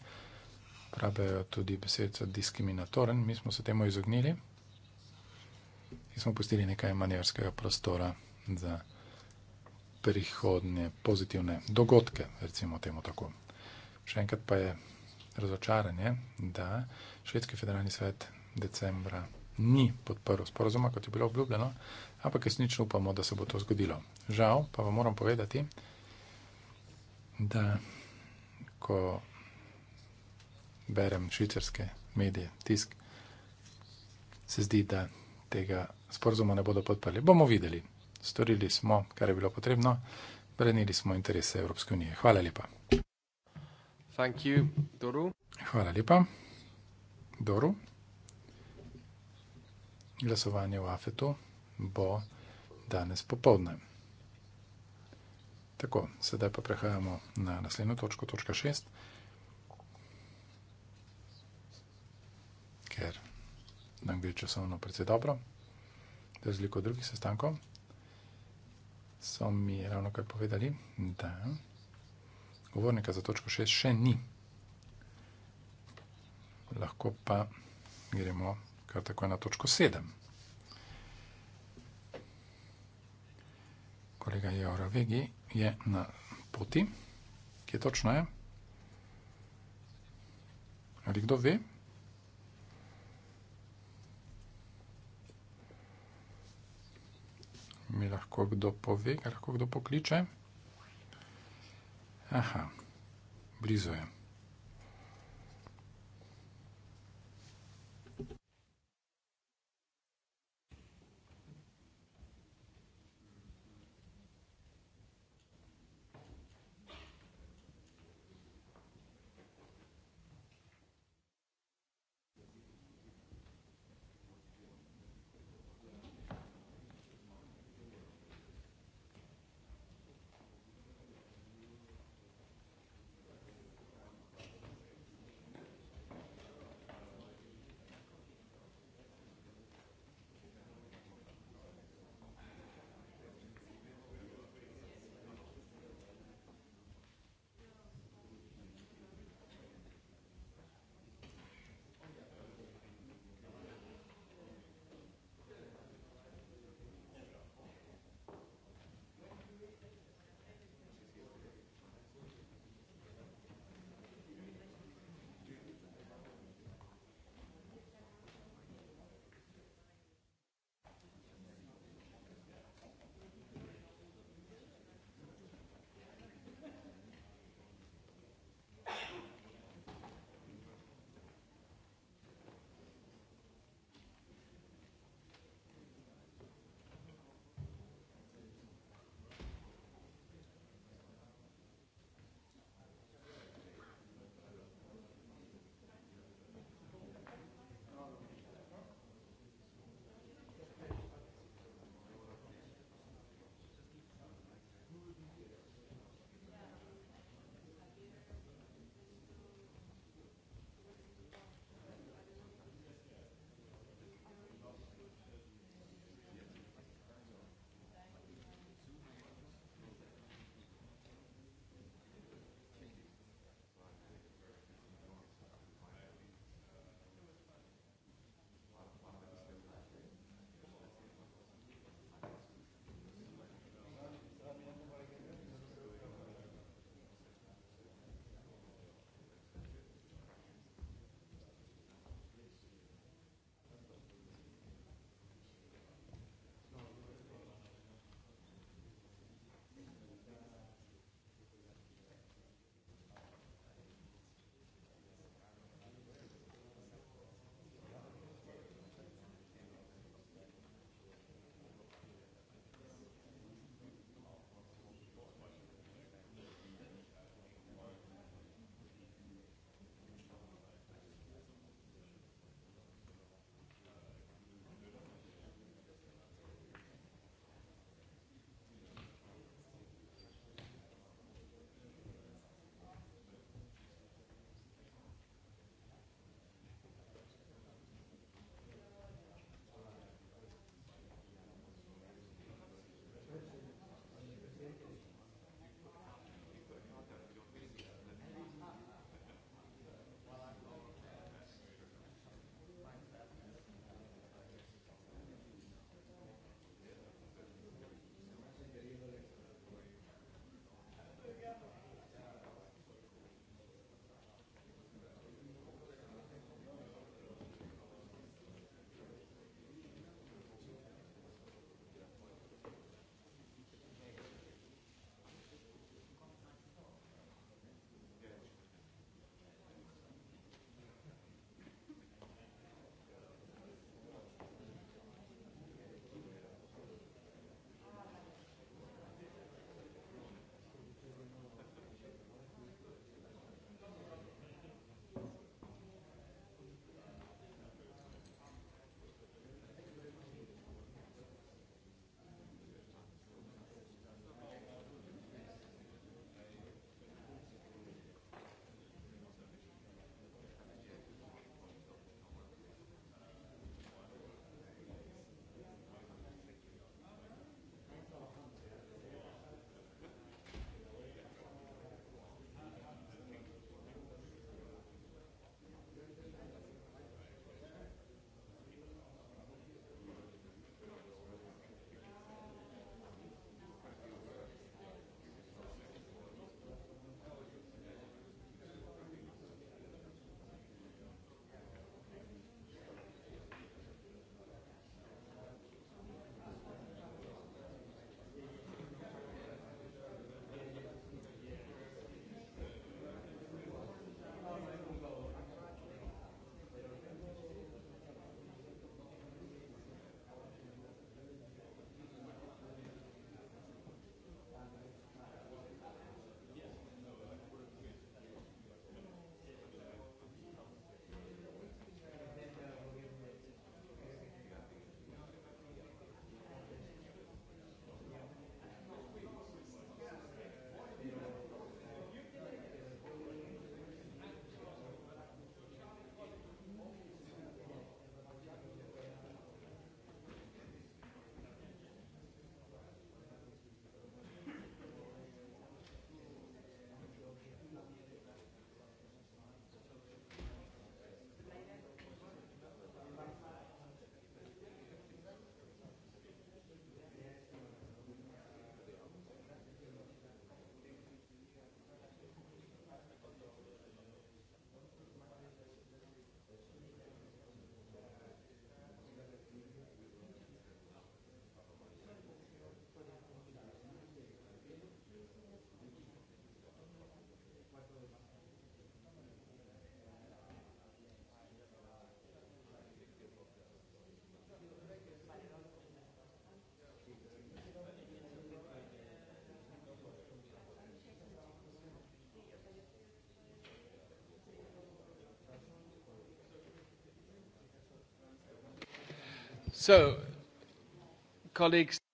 B: Pravijo tudi besedica diskriminatoren, mi smo se temu izognili in smo pustili nekaj manjerskega prostora za prihodne pozitivne dogodke, recimo temu tako. Še enkrat pa je razočaranje, da Švedski federalni svet decembra ni podprl sporozuma, kot je bilo obljubljeno, ampak resnično upamo, da se bo to zgodilo. Žal pa vam moram povedati, da da ko berem švicarske medije, tisk, se zdi, da tega sporozuma ne bodo podprli. Bomo videli. Storili smo, kar je bilo potrebno, brenili smo interese Evropske unije. Hvala lepa. You, Doru. Hvala lepa, Doru. Glasovanje v Afetu bo danes popovdne. Tako, sedaj pa prehajamo na naslednjo točko, točka 6. Ker nam gre časovno precej dobro, da je zliko drugih sestankov, so mi ravno kaj povedali, da govornika za točko 6 še ni. Lahko pa gremo kar tako na točko 7. Kolega Jaura Vegi je na poti. Kje točno je? Ali kdo ve? Mi lahko kdo pove, lahko kdo pokliče. Aha, blizu je.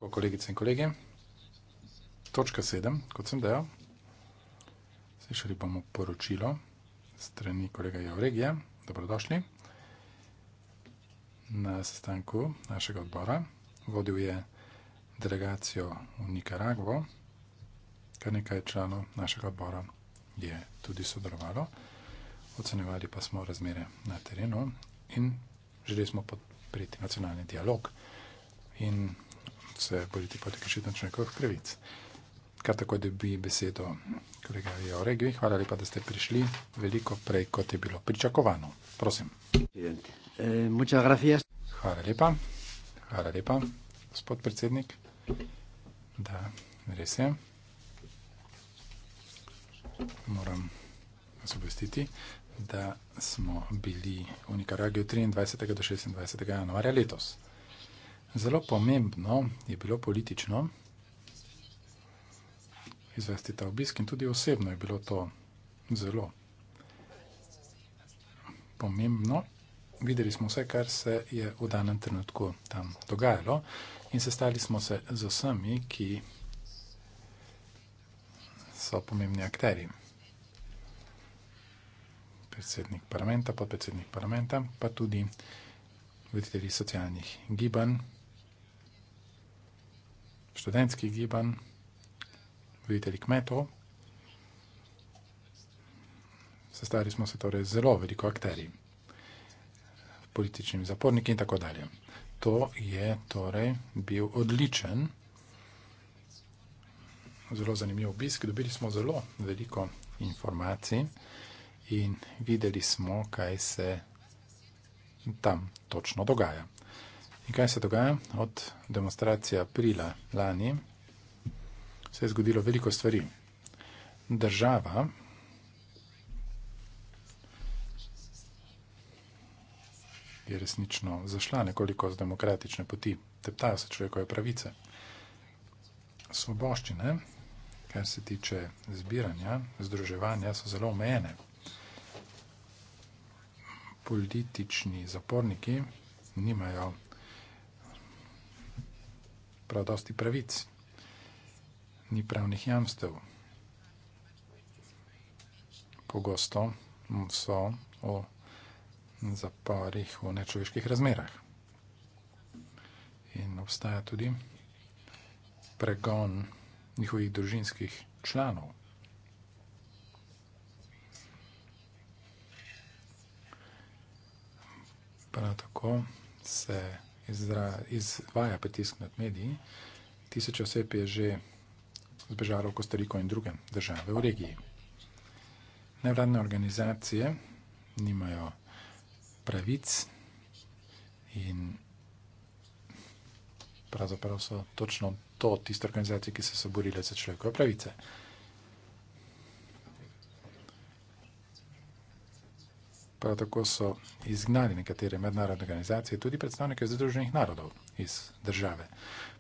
B: Kolegice in kolegi, točka sedem, kot sem dejal, slišali bomo poročilo strani kolega Javregija, dobrodošli na sestanku našega odbora. Vodil je delegacijo v Nikaragvo, kar nekaj članov našega odbora je tudi sodelovalo. Ocenevali pa smo razmere na terenu in želeli smo podpisati priti nacionalni dialog in se boriti proti kršitvam človekovih pravic. Kar tako dobi besedo kolega Jo Regvi. Hvala lepa, da ste prišli veliko prej, kot je bilo pričakovano. Prosim. Hvala lepa. Hvala lepa, gospod predsednik. Da, res je. Moram vas obvestiti da smo bili v Nikaragiji 23. do 26. januarja letos. Zelo pomembno je bilo politično izvesti ta obisk in tudi osebno je bilo to zelo pomembno. Videli smo vse, kar se je v danem trenutku tam dogajalo in sestali smo se z vsemi, ki so pomembni akterji predsednik parlamenta, podpredsednik parlamenta, pa tudi voditelji socialnih gibanj, študentskih gibanj, voditelji kmetov. Sestali smo se torej zelo veliko akteri, političnimi zaporniki in tako dalje. To je torej bil odličen, zelo zanimiv obisk. Dobili smo zelo veliko informacij, in videli smo, kaj se tam točno dogaja. In kaj se dogaja? Od demonstracije aprila lani se je zgodilo veliko stvari. Država je resnično zašla nekoliko z demokratične poti, teptajo se človekove pravice, svoboščine, kar se tiče zbiranja, združevanja, so zelo omejene politični zaporniki nimajo prav dosti pravic, ni pravnih jamstev. Pogosto so o zaporih v nečoveških razmerah. In obstaja tudi pregon njihovih družinskih članov. ko se izra, izvaja pritisk nad mediji, tisoč oseb je že zbežalo v Kostariko in druge države v regiji. Nevladne organizacije nimajo pravic in pravzaprav so točno to tiste organizacije, ki so se borile za človekove pravice. prav tako so izgnali nekatere mednarodne organizacije, tudi predstavnike Združenih narodov iz države.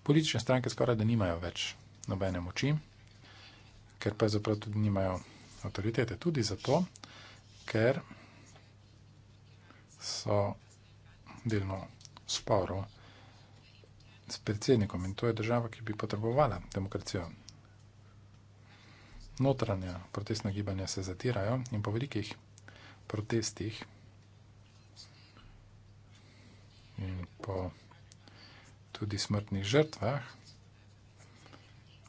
B: Politične stranke skoraj da nimajo več nobene moči, ker pa zapravo tudi nimajo avtoritete, tudi zato, ker so delno sporo s predsednikom in to je država, ki bi potrebovala demokracijo. Notranja protestna gibanja se zatirajo in po velikih protestih. In po tudi smrtnih žrtvah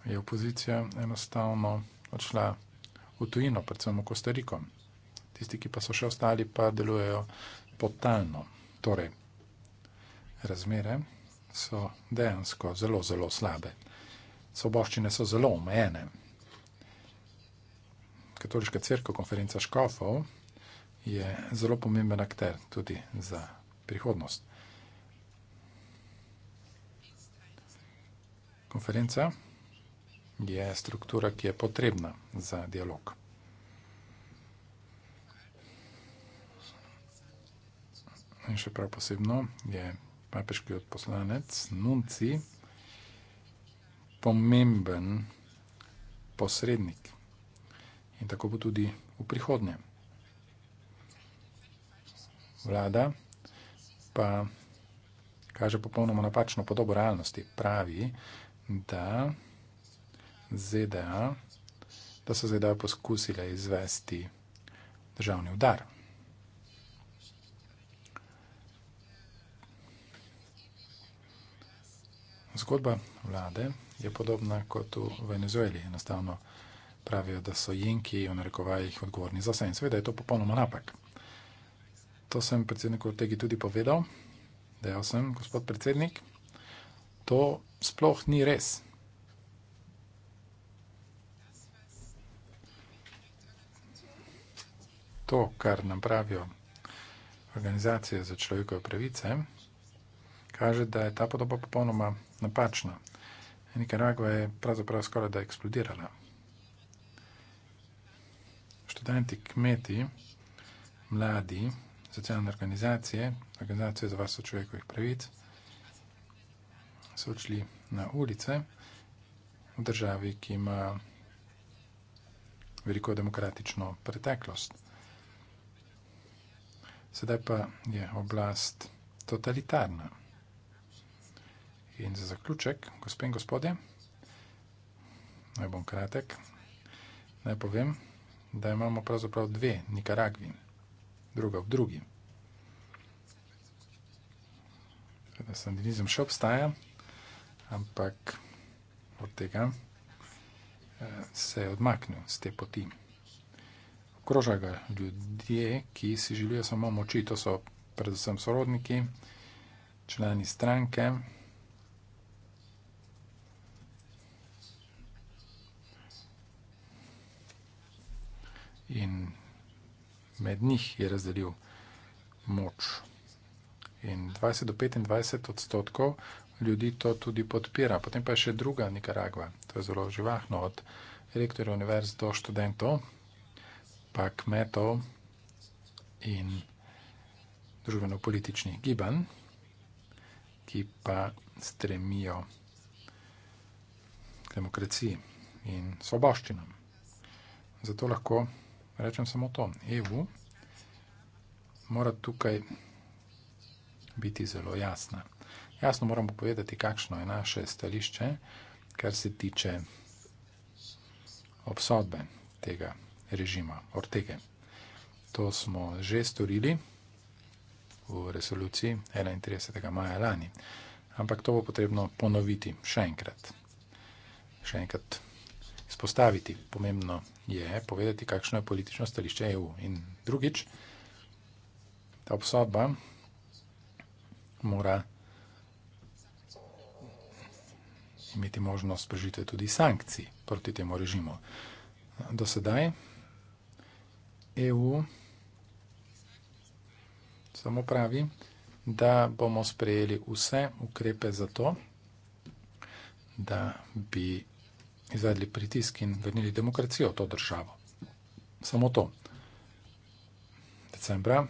B: je opozicija enostavno odšla v tujino, predvsem v Kostariko. Tisti, ki pa so še ostali, pa delujejo potalno. Torej, razmere so dejansko zelo, zelo slabe. Soboščine so zelo omejene. Katoliška crkva, konferenca škofov, je zelo pomemben akter tudi za prihodnost. Konferenca je struktura, ki je potrebna za dialog. In še prav posebno je papeški odposlanec Nunci pomemben posrednik. In tako bo tudi v prihodnjem vlada pa kaže popolnoma napačno podobo realnosti. Pravi, da, ZDA, da so ZDA poskusile izvesti državni udar. Zgodba vlade je podobna kot v Venezueli. Enostavno pravijo, da so jinki v narekovajih odgovorni za vse. In seveda je to popolnoma napak. To sem predsedniku Ortegi tudi povedal, da jaz sem, gospod predsednik, to sploh ni res. To, kar nam pravijo organizacije za človekove pravice, kaže, da je ta podoba popolnoma napačna. Nicaragua je pravzaprav skoraj da eksplodirala. Študenti, kmeti, mladi, socialne organizacije, organizacije za varstvo človekovih pravic, so odšli na ulice v državi, ki ima veliko demokratično preteklost. Sedaj pa je oblast totalitarna. In za zaključek, gospe in gospode, naj bom kratek, naj povem, da imamo pravzaprav dve Nikaragvi druga ob drugi. Seveda sandinizem še obstaja, ampak od tega eh, se je odmaknil z te poti. Okroža ga ljudje, ki si želijo samo moči, to so predvsem sorodniki, člani stranke. In med njih je razdelil moč. In 20 do 25 odstotkov ljudi to tudi podpira. Potem pa je še druga Nikaragva, to je zelo živahno, od rektorja univerz do študentov, pa kmetov in družbeno-političnih gibanj, ki pa stremijo demokraciji in svoboščinam. Zato lahko Rečem samo to. EU mora tukaj biti zelo jasna. Jasno moramo povedati, kakšno je naše stališče, kar se tiče obsodbe tega režima Ortege. To smo že storili v resoluciji 31. maja lani. Ampak to bo potrebno ponoviti še enkrat. Še enkrat ponoviti izpostaviti. Pomembno je povedati, kakšno je politično stališče EU. In drugič, ta obsodba mora imeti možnost prežitve tudi sankcij proti temu režimu. Do sedaj EU samo pravi, da bomo sprejeli vse ukrepe za to, da bi izvedli pritisk in vrnili demokracijo v to državo. Samo to. Decembra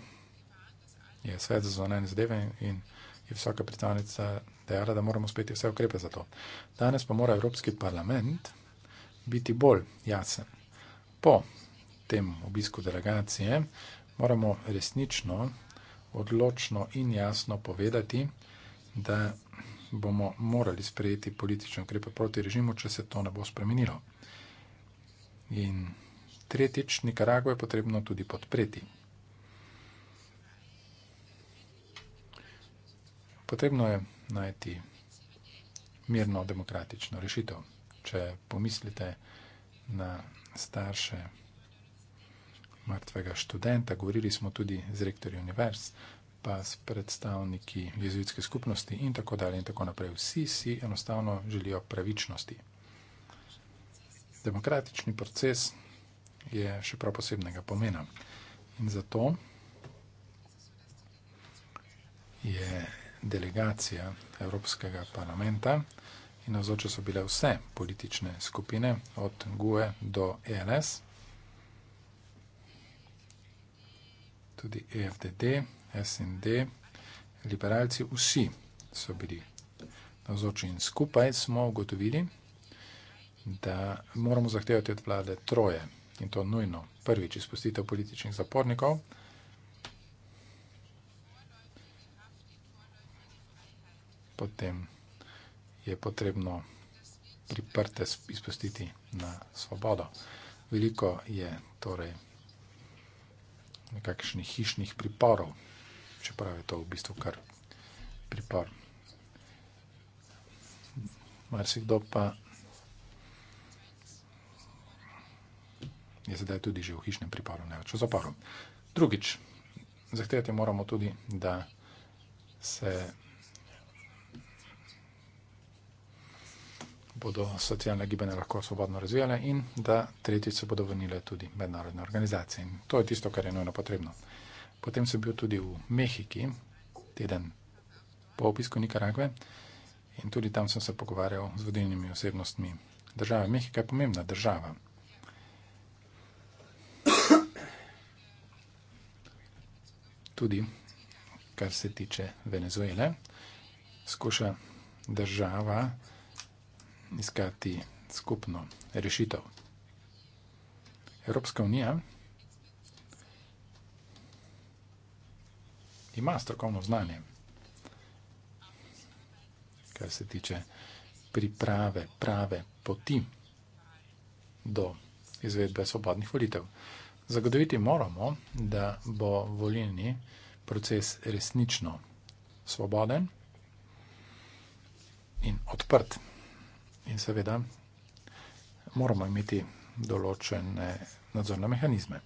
B: je svet za zvonene zadeve in je vsaka pritanica dejala, da moramo speti vse ukrepe za to. Danes pa mora Evropski parlament biti bolj jasen. Po tem obisku delegacije moramo resnično, odločno in jasno povedati, da bomo morali sprejeti politične ukrepe proti režimu, če se to ne bo spremenilo. In tretjič, Nikaragvo je potrebno tudi podpreti. Potrebno je najti mirno demokratično rešitev. Če pomislite na starše mrtvega študenta, govorili smo tudi z rektorjem univerz, pa s predstavniki jezuitske skupnosti in tako dalje in tako naprej. Vsi si enostavno želijo pravičnosti. Demokratični proces je še prav posebnega pomena. In zato je delegacija Evropskega parlamenta in navzoče so bile vse politične skupine od GUE do ELS, tudi EFDD, SND, liberalci, vsi so bili navzoči in skupaj smo ugotovili, da moramo zahtevati od vlade troje in to nujno. Prvič, izpustitev političnih zapornikov, potem je potrebno priprte izpustiti na svobodo. Veliko je torej nekakšnih hišnih priporov čeprav je to v bistvu kar pripor. Marsikdo pa je sedaj tudi že v hišnem priporu, ne več v zaporu. Drugič, zahtevati moramo tudi, da se bodo socialne gibanja lahko svobodno razvijale in da tretjič se bodo vrnile tudi mednarodne organizacije. In to je tisto, kar je nujno potrebno. Potem sem bil tudi v Mehiki, teden po obisku Nikaragve in tudi tam sem se pogovarjal z vodilnimi osebnostmi države. Mehika je pomembna država. Tudi, kar se tiče Venezuele, skuša država iskati skupno rešitev. Evropska unija ima strokovno znanje, kar se tiče priprave prave poti do izvedbe svobodnih volitev. Zagotoviti moramo, da bo volilni proces resnično svoboden in odprt. In seveda moramo imeti določene nadzorne mehanizme.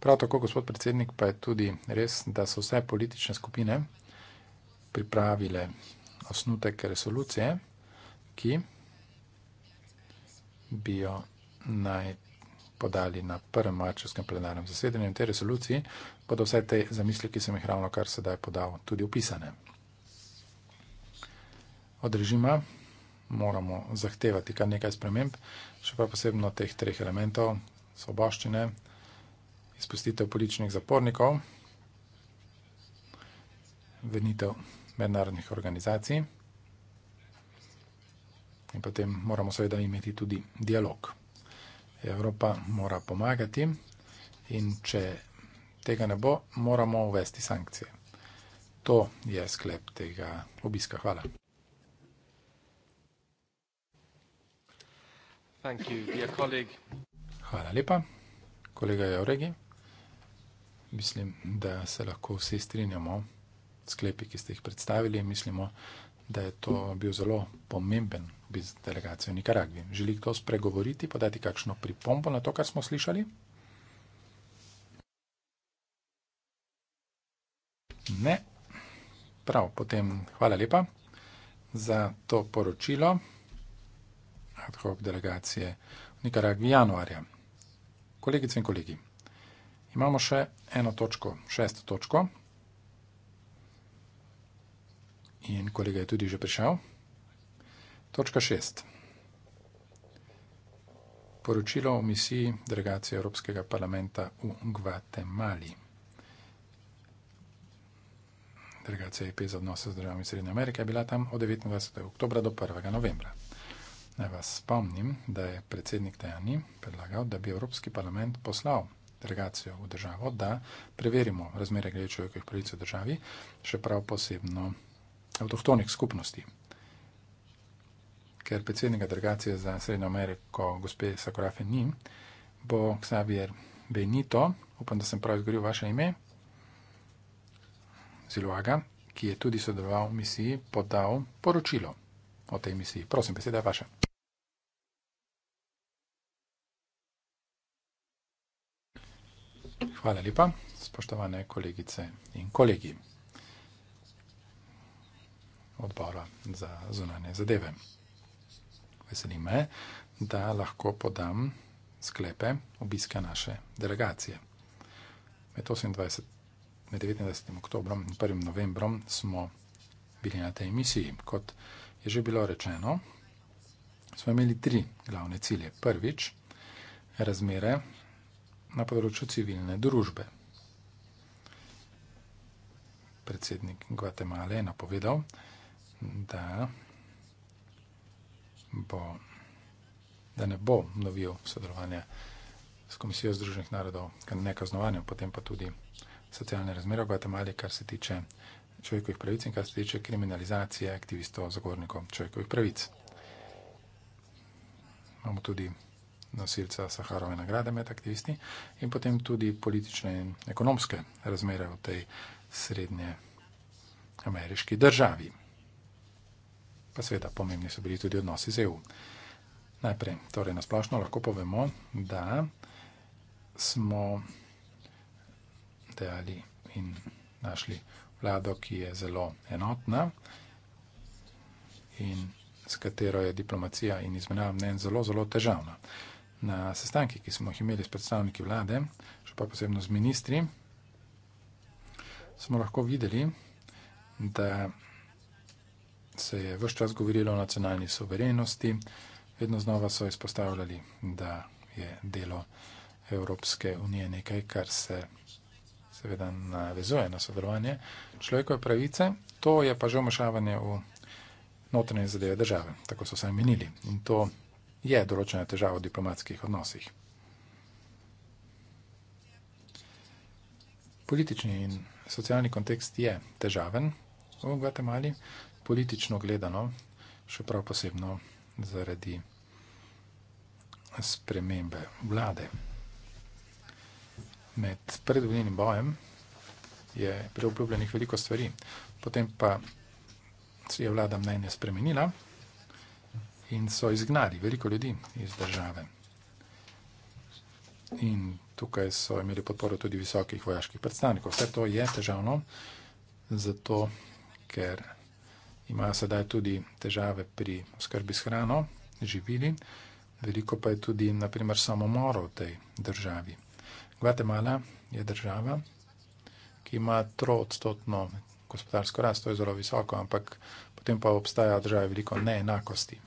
B: Prav tako, gospod predsednik, pa je tudi res, da so vse politične skupine pripravile osnutek resolucije, ki bi jo naj podali na prvem marčevskem plenarnem zasedanju in te resoluciji bodo vse te zamisli, ki sem jih ravno kar sedaj podal, tudi opisane. Od režima moramo zahtevati kar nekaj sprememb, še pa posebno teh treh elementov, svoboščine, izpustitev političnih zapornikov, vrnitev mednarodnih organizacij in potem moramo seveda imeti tudi dialog. Evropa mora pomagati in če tega ne bo, moramo uvesti sankcije. To je sklep tega obiska. Hvala. Thank you, dear colleague. Hvala lepa. Kolega Joregi, mislim, da se lahko vsi strinjamo s sklepi, ki ste jih predstavili. Mislimo, da je to bil zelo pomemben bi z delegacijo Nikaragvi. Želi kdo spregovoriti, podati kakšno pripombo na to, kar smo slišali? Ne. Prav, potem hvala lepa za to poročilo ad hoc delegacije Nikaragvi januarja. Kolegice in kolegi, imamo še eno točko, šesto točko. In kolega je tudi že prišel. Točka šest. Poročilo o misiji delegacije Evropskega parlamenta v Gvatemali. Delegacija EP za odnose z državami Srednje Amerike je bila tam od 29. oktobra do 1. novembra. Naj vas spomnim, da je predsednik Tajani predlagal, da bi Evropski parlament poslal delegacijo v državo, da preverimo razmere glede človekovih pravic v državi, še prav posebno avtohtonih skupnosti. Ker predsednika delegacije za Srednjo Ameriko, gospe Sakurafe, ni, bo Xavier Benito, upam, da sem prav izgovoril vaše ime, Ziluaga, ki je tudi sodeloval v misiji, podal poročilo o tej misiji. Prosim, beseda je vaša. Hvala lepa, spoštovane kolegice in kolegi odbora za zunanje zadeve. Veseli me, da lahko podam sklepe obiska naše delegacije. Med 28. Med 29. oktobrom in 1. novembrom smo bili na tej misiji. Kot je že bilo rečeno, smo imeli tri glavne cilje. Prvič, razmere na področju civilne družbe. Predsednik Gvatemale je napovedal, da, bo, da ne bo novil sodelovanja s Komisijo Združenih narodov, kar ne kaznovanjem, potem pa tudi socialne razmere v Gvatemali, kar se tiče človekovih pravic in kar se tiče kriminalizacije aktivistov, zagovornikov človekovih pravic. Imamo tudi nosilca Saharove nagrade med aktivisti in potem tudi politične in ekonomske razmere v tej srednje ameriški državi. Pa seveda pomembni so bili tudi odnosi z EU. Najprej, torej nasplošno lahko povemo, da smo dejali in našli vlado, ki je zelo enotna in s katero je diplomacija in izmenjava mnen zelo, zelo težavna na sestanki, ki smo jih imeli s predstavniki vlade, še pa posebno z ministri, smo lahko videli, da se je vse čas govorilo o nacionalni soverenosti, vedno znova so izpostavljali, da je delo Evropske unije nekaj, kar se seveda navezuje na sodelovanje človekove pravice, to je pa že vmešavanje v notranje zadeve države, tako so se menili. In to je določena težava v diplomatskih odnosih. Politični in socialni kontekst je težaven v Gvatemali, politično gledano, še prav posebno zaradi spremembe vlade. Med predvoljenim bojem je preobljubljenih veliko stvari, potem pa se je vlada mnenje spremenila, in so izgnali veliko ljudi iz države. In tukaj so imeli podporo tudi visokih vojaških predstavnikov. Vse to je težavno, zato ker imajo sedaj tudi težave pri skrbi s hrano, živili, veliko pa je tudi naprimer samomorov v tej državi. Gvatemala je država, ki ima troodstotno gospodarsko rast, to je zelo visoko, ampak potem pa obstaja v državi veliko neenakosti.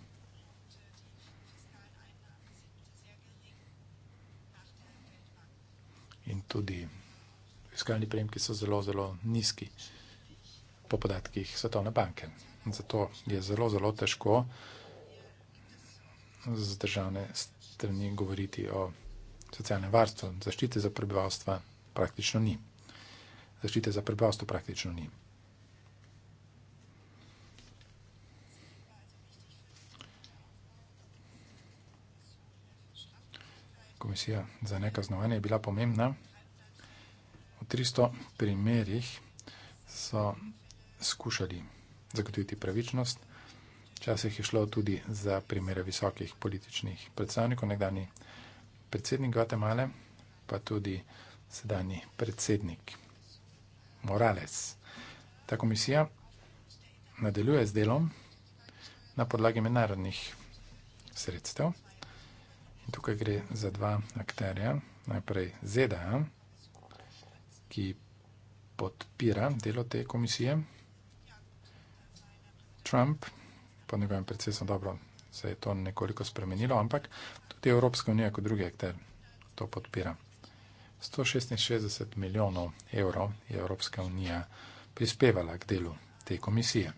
B: in tudi fiskalni prejemki so zelo, zelo nizki po podatkih Svetovne banke. Zato je zelo, zelo težko z državne strani govoriti o socialnem varstvu. Zaščite za prebivalstva praktično ni. Zaščite za prebivalstvo praktično ni. komisija za nekaznovanje bila pomembna. V 300 primerjih so skušali zagotoviti pravičnost. Včasih je šlo tudi za primere visokih političnih predstavnikov, nekdani predsednik Gvatemale, pa tudi sedajni predsednik Morales. Ta komisija nadaljuje z delom na podlagi mednarodnih sredstev. Tukaj gre za dva akterja, najprej ZDA, ki podpira delo te komisije, Trump, po njegovem predsedstvu dobro se je to nekoliko spremenilo, ampak tudi Evropska unija kot drugi akter to podpira. 166 milijonov evrov je Evropska unija prispevala k delu te komisije.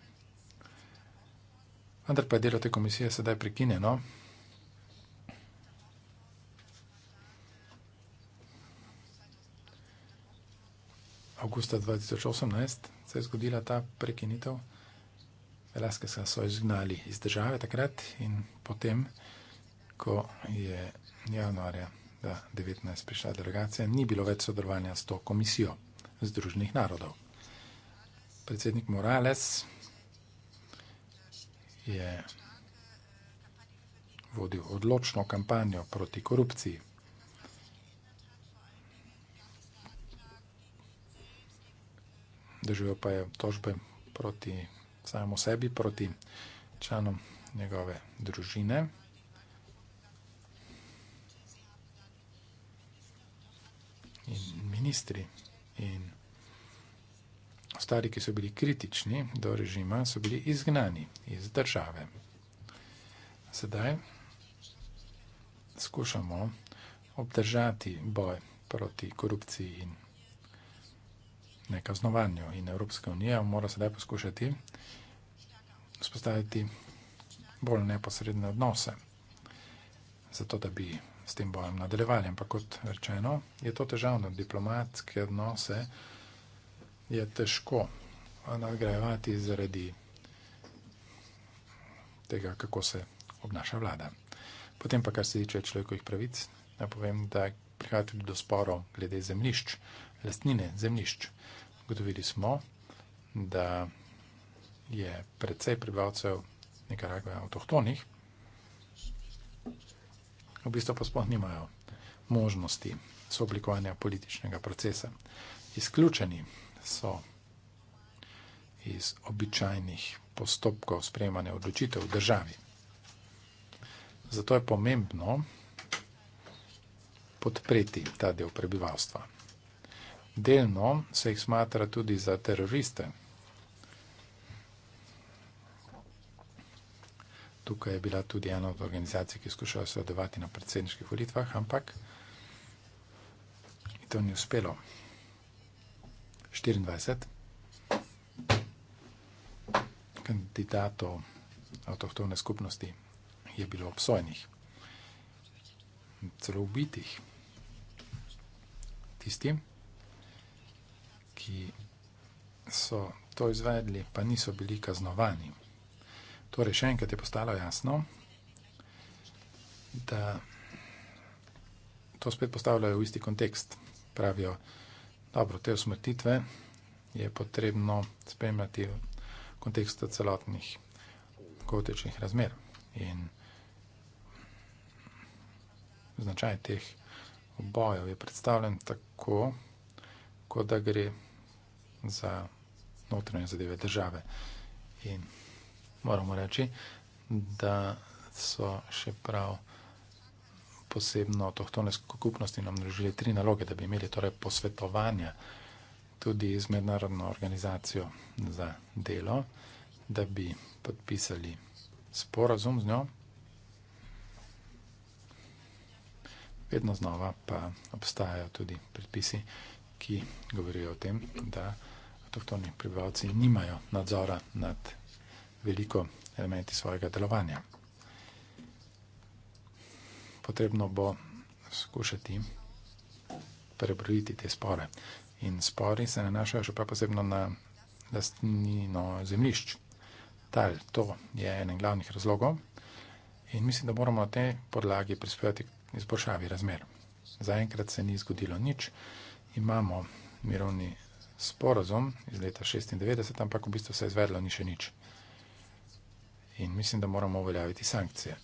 B: Vendar pa je delo te komisije sedaj prekinjeno. avgusta 2018 se je zgodila ta prekinitev. Velaskesa so izgnali iz države takrat in potem, ko je januarja 2019 prišla delegacija, ni bilo več sodelovanja s to komisijo Združenih narodov. Predsednik Morales je vodil odločno kampanjo proti korupciji. doživel pa je tožbe proti samo sebi, proti članom njegove družine. In ministri in ostali, ki so bili kritični do režima, so bili izgnani iz države. Sedaj skušamo obdržati boj proti korupciji in nekaznovanju. In Evropska unija mora sedaj poskušati spostaviti bolj neposredne odnose, zato da bi s tem bojem nadaljevali. Ampak kot rečeno, je to težavno. Diplomatske odnose je težko nadgrajevati zaradi tega, kako se obnaša vlada. Potem pa, kar se tiče človekovih pravic, naj povem, da prihajate do sporov glede zemlišč lastnine, zemljišč. Gotovili smo, da je predvsej prebivalcev Nicaragua avtohtonih, v bistvu pa sploh nimajo možnosti sooblikovanja političnega procesa. Izključeni so iz običajnih postopkov sprejemanja odločitev v državi. Zato je pomembno podpreti ta del prebivalstva. Delno se jih smatra tudi za teroriste. Tukaj je bila tudi ena od organizacij, ki skušajo sodelovati na predsedniških volitvah, ampak to ni uspelo. 24 kandidatov avtohtone skupnosti je bilo obsojenih, celo ubitih. Tistim, ki so to izvedli, pa niso bili kaznovani. Torej, še enkrat je postalo jasno, da to spet postavljajo v isti kontekst. Pravijo, dobro, te usmrtitve je potrebno spremljati v kontekstu celotnih kotečnih razmer. In značaj teh bojev je predstavljen tako, kot da gre za notranje zadeve države. In moramo reči, da so še prav posebno tohtone skupnosti nam naložili tri naloge, da bi imeli torej posvetovanja tudi z mednarodno organizacijo za delo, da bi podpisali sporazum z njo. Vedno znova pa obstajajo tudi predpisi, ki govorijo o tem, da se avtohtoni prebivalci nimajo nadzora nad veliko elementi svojega delovanja. Potrebno bo skušati prebroditi te spore. In spori se nanašajo še prav posebno na lastnino zemljišč. Tal, to je eden glavnih razlogov in mislim, da moramo na te podlagi prispevati k izboljšavi razmer. Zaenkrat se ni zgodilo nič, imamo mirovni sporozum iz leta 1996, ampak v bistvu se je izvedlo ni še nič. In mislim, da moramo uveljaviti sankcije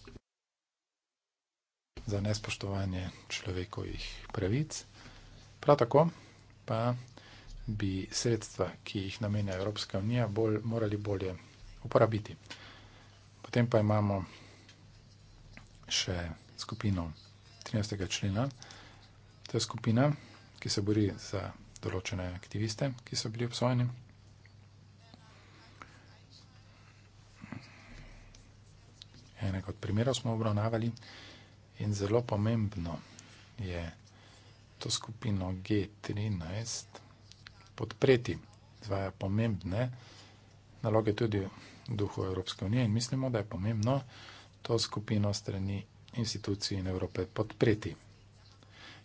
B: za nespoštovanje človekovih pravic. Prav tako pa bi sredstva, ki jih namenja Evropska unija, bolj, morali bolje uporabiti. Potem pa imamo še skupino 13. člena. To je skupina, ki se bori za določene aktiviste, ki so bili obsojeni. Enega od primerov smo obravnavali in zelo pomembno je to skupino G13 podpreti. Zvaja pomembne naloge tudi v duhu Evropske unije in mislimo, da je pomembno to skupino strani institucij in Evrope podpreti.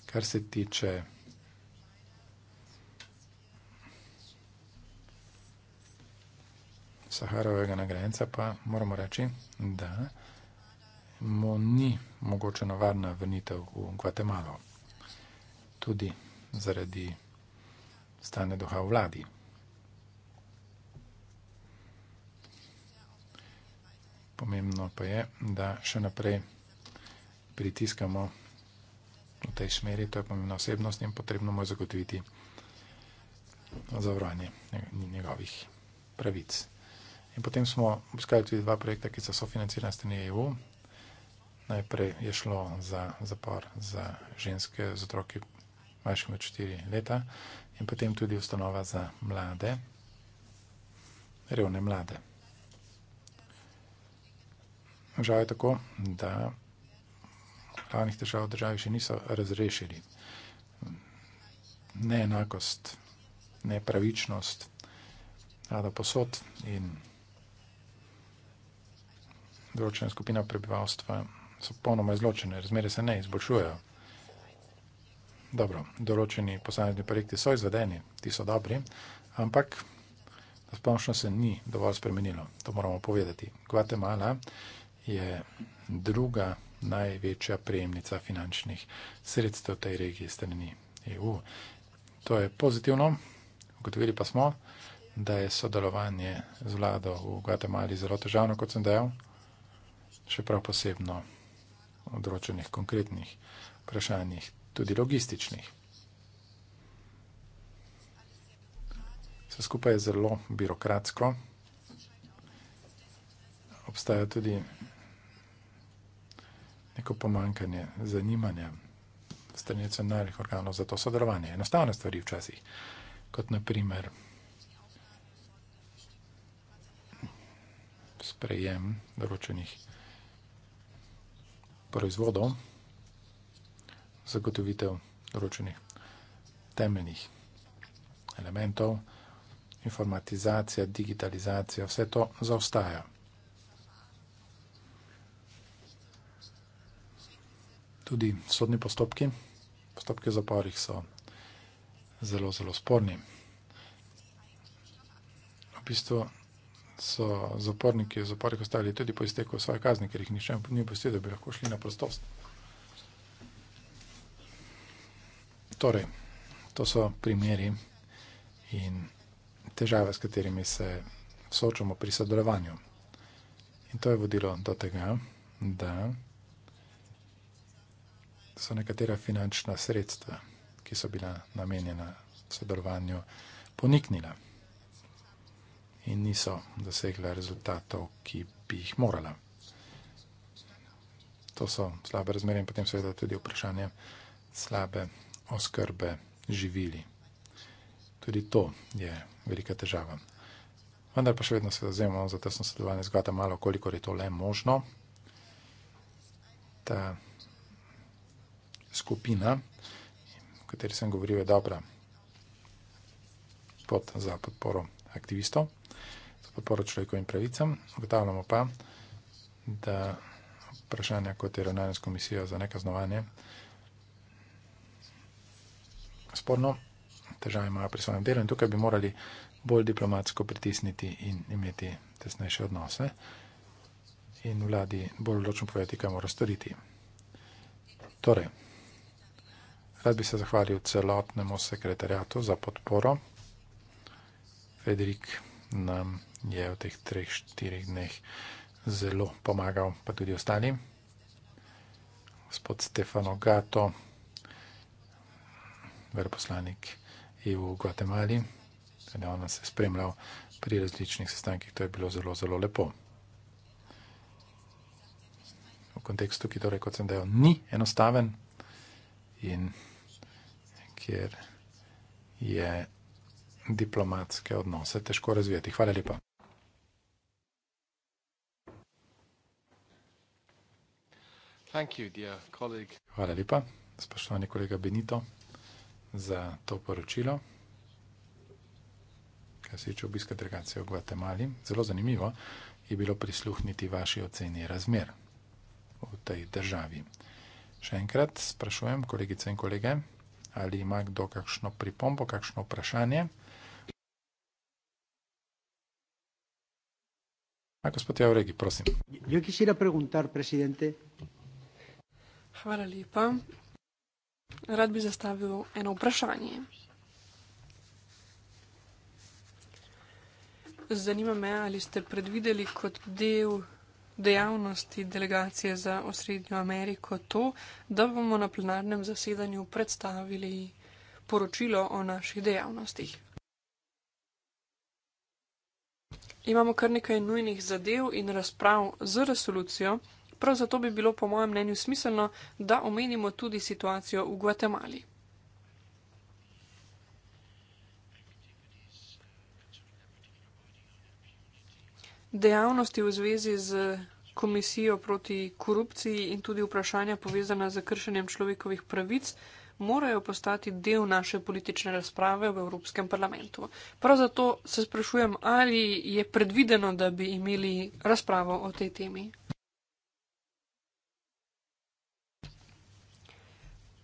B: Kar se tiče Saharovega nagrajenca pa moramo reči, da mu ni mogoče navadna vrnitev v Gvatemalo. Tudi zaradi stane duha v vladi. Pomembno pa je, da še naprej pritiskamo v tej smeri, to je pomembna osebnost in potrebno mu je zagotoviti zavrvanje njegovih pravic. In potem smo obiskali tudi dva projekta, ki so sofinancirani strani EU. Najprej je šlo za zapor za ženske z otroki mlajšimi od 4 leta in potem tudi ustanova za mlade, revne mlade. Žal je tako, da glavnih težav v državi še niso razrešili. Neenakost, nepravičnost, rada posod in določena skupina prebivalstva so ponoma izločene, razmere se ne izboljšujejo. Dobro, določeni posamezni projekti so izvedeni, ti so dobri, ampak splošno se ni dovolj spremenilo, to moramo povedati. Gvatemala je druga največja prejemnica finančnih sredstev v tej regiji strani EU. To je pozitivno, ugotovili pa smo, da je sodelovanje z vlado v Gvatemali zelo težavno, kot sem dejal, še prav posebno o določenih konkretnih vprašanjih, tudi logističnih. Vse skupaj je zelo birokratsko. Obstaja tudi neko pomankanje zanimanja strani nacionalnih organov za to sodelovanje. Enostavne stvari včasih, kot naprimer sprejem določenih vprašanj proizvodov, zagotovitev določenih temeljnih elementov, informatizacija, digitalizacija, vse to zaostaja. Tudi sodni postopki, postopke zaporih so zelo, zelo sporni. V bistvu so zaporniki v zaporih ostali tudi po izteku svoje kazni, ker jih nišče ni opustil, da bi lahko šli na prostost. Torej, to so primeri in težave, s katerimi se soočamo pri sodelovanju. In to je vodilo do tega, da so nekatera finančna sredstva, ki so bila namenjena sodelovanju, poniknila in niso dosegla rezultatov, ki bi jih morala. To so slabe razmere in potem seveda tudi vprašanje slabe oskrbe živili. Tudi to je velika težava. Vendar pa še vedno se zavzemamo za tesno sodelovanje z Gvata malo, kolikor je to le možno. Ta skupina, o kateri sem govoril, je dobra pot za podporo aktivistov podporo človekovim pravicam. Ugotavljamo pa, da vprašanja kot je ravnanje s komisijo za nekaznovanje sporno težave imajo pri svojem delu in tukaj bi morali bolj diplomatsko pritisniti in imeti tesnejše odnose in vladi bolj odločno povedati, kaj mora storiti. Torej, rad bi se zahvalil celotnemu sekretarjatu za podporo. Federik nam um, je v teh treh, štirih dneh zelo pomagal, pa tudi ostali. Gospod Stefano Gato, veleposlanik EU v Gvatemali, tudi on nas je spremljal pri različnih sestankih, to je bilo zelo, zelo lepo. V kontekstu, ki torej, kot sem dejal, ni enostaven in kjer je diplomatske odnose težko razvijati. Hvala lepa. Hvala lepa, spoštovani kolega Benito, za to poročilo, kar se tiče obiska delegacije v Gvatemali. Zelo zanimivo je bilo prisluhniti vaši oceni razmer v tej državi. Še enkrat sprašujem, kolegice in kolege, ali ima kdo kakšno pripombo, kakšno vprašanje? A gospod Javregi, prosim.
A: Jo quisiera preguntar, presidente. Hvala lepa. Rad bi zastavil eno vprašanje. Zanima me, ali ste predvideli kot del dejavnosti delegacije za Osrednjo Ameriko to, da bomo na plenarnem zasedanju predstavili poročilo o naših dejavnostih. Imamo kar nekaj nujnih zadev in razprav z resolucijo. Prav zato bi bilo po mojem mnenju smiselno, da omenimo tudi situacijo v Gvatemali. Dejavnosti v zvezi z komisijo proti korupciji in tudi vprašanja povezana z kršenjem človekovih pravic morajo postati del naše politične razprave v Evropskem parlamentu. Prav zato se sprašujem, ali je predvideno, da bi imeli razpravo o tej temi.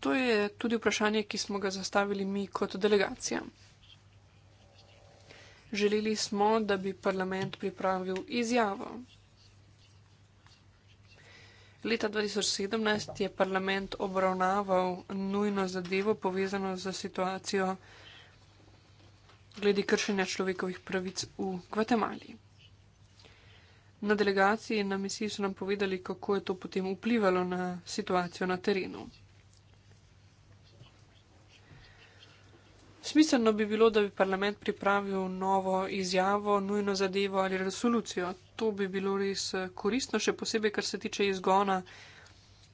A: To je tudi vprašanje, ki smo ga zastavili mi kot delegacija. Želeli smo, da bi parlament pripravil izjavo. Leta 2017 je parlament obravnaval nujno zadevo povezano z situacijo glede kršenja človekovih pravic v Gvatemali. Na delegaciji in na misiji so nam povedali, kako je to potem vplivalo na situacijo na terenu. smiselno bi bilo, da bi parlament pripravil novo izjavo, nujno zadevo ali resolucijo. To bi bilo res eh, koristno, še posebej, kar se tiče izgona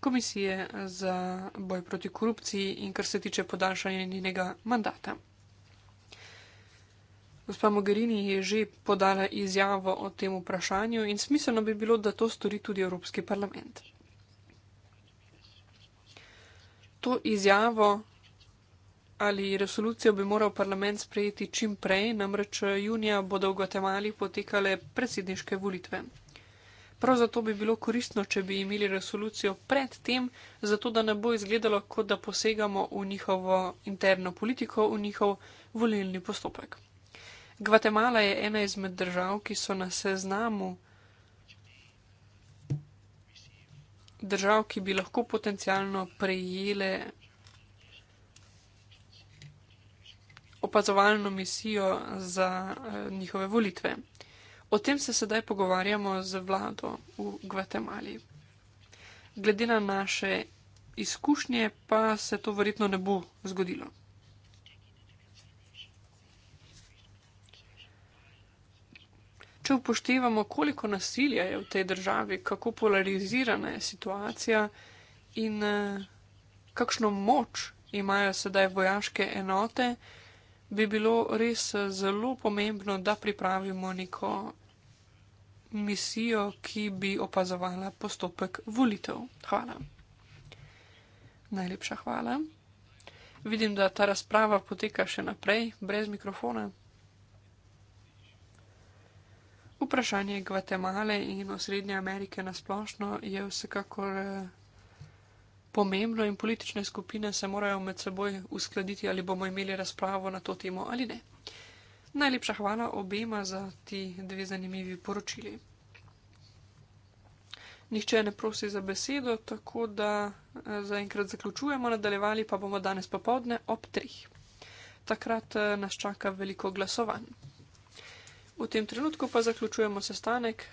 A: komisije za boj proti korupciji in kar se tiče podaljšanja njenega mandata. Gospa Mogherini je že podala izjavo o tem vprašanju in smiselno bi bilo, da to stori tudi Evropski parlament. To izjavo ali resolucijo bi moral parlament sprejeti čim prej, namreč junija bodo v Gvatemali potekale predsedniške volitve. Prav zato bi bilo koristno, če bi imeli resolucijo pred tem, zato da ne bo izgledalo, kot da posegamo v njihovo interno politiko, v njihov volilni postopek. Gvatemala je ena izmed držav, ki so na seznamu držav, ki bi lahko potencialno prejele opazovalno misijo za uh, njihove volitve. O tem se sedaj pogovarjamo z vlado v Gvatemali. Glede na naše izkušnje, pa se to verjetno ne bo zgodilo. Če upoštevamo, koliko nasilja je v tej državi, kako polarizirana je situacija in uh, kakšno moč imajo sedaj vojaške enote, uh, bi bilo res zelo pomembno, da pripravimo neko misijo, ki bi opazovala postopek volitev. Hvala. Najlepša hvala. Vidim, da ta razprava poteka še naprej, brez mikrofona. Vprašanje Gvatemale in osrednje Amerike nasplošno je vsekakor pomembno in politične skupine se morajo med seboj uskladiti, ali bomo imeli razpravo na to temo ali ne. Najlepša hvala obema za ti dve zanimivi poročili. Nihče ne prosi za besedo, tako da eh, zaenkrat zaključujemo, nadaljevali pa bomo danes popovdne ob treh. Takrat eh, nas čaka veliko glasovanj. V tem trenutku pa zaključujemo sestanek,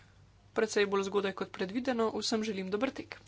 A: predvsej bolj zgodaj kot predvideno, vsem želim dober tek.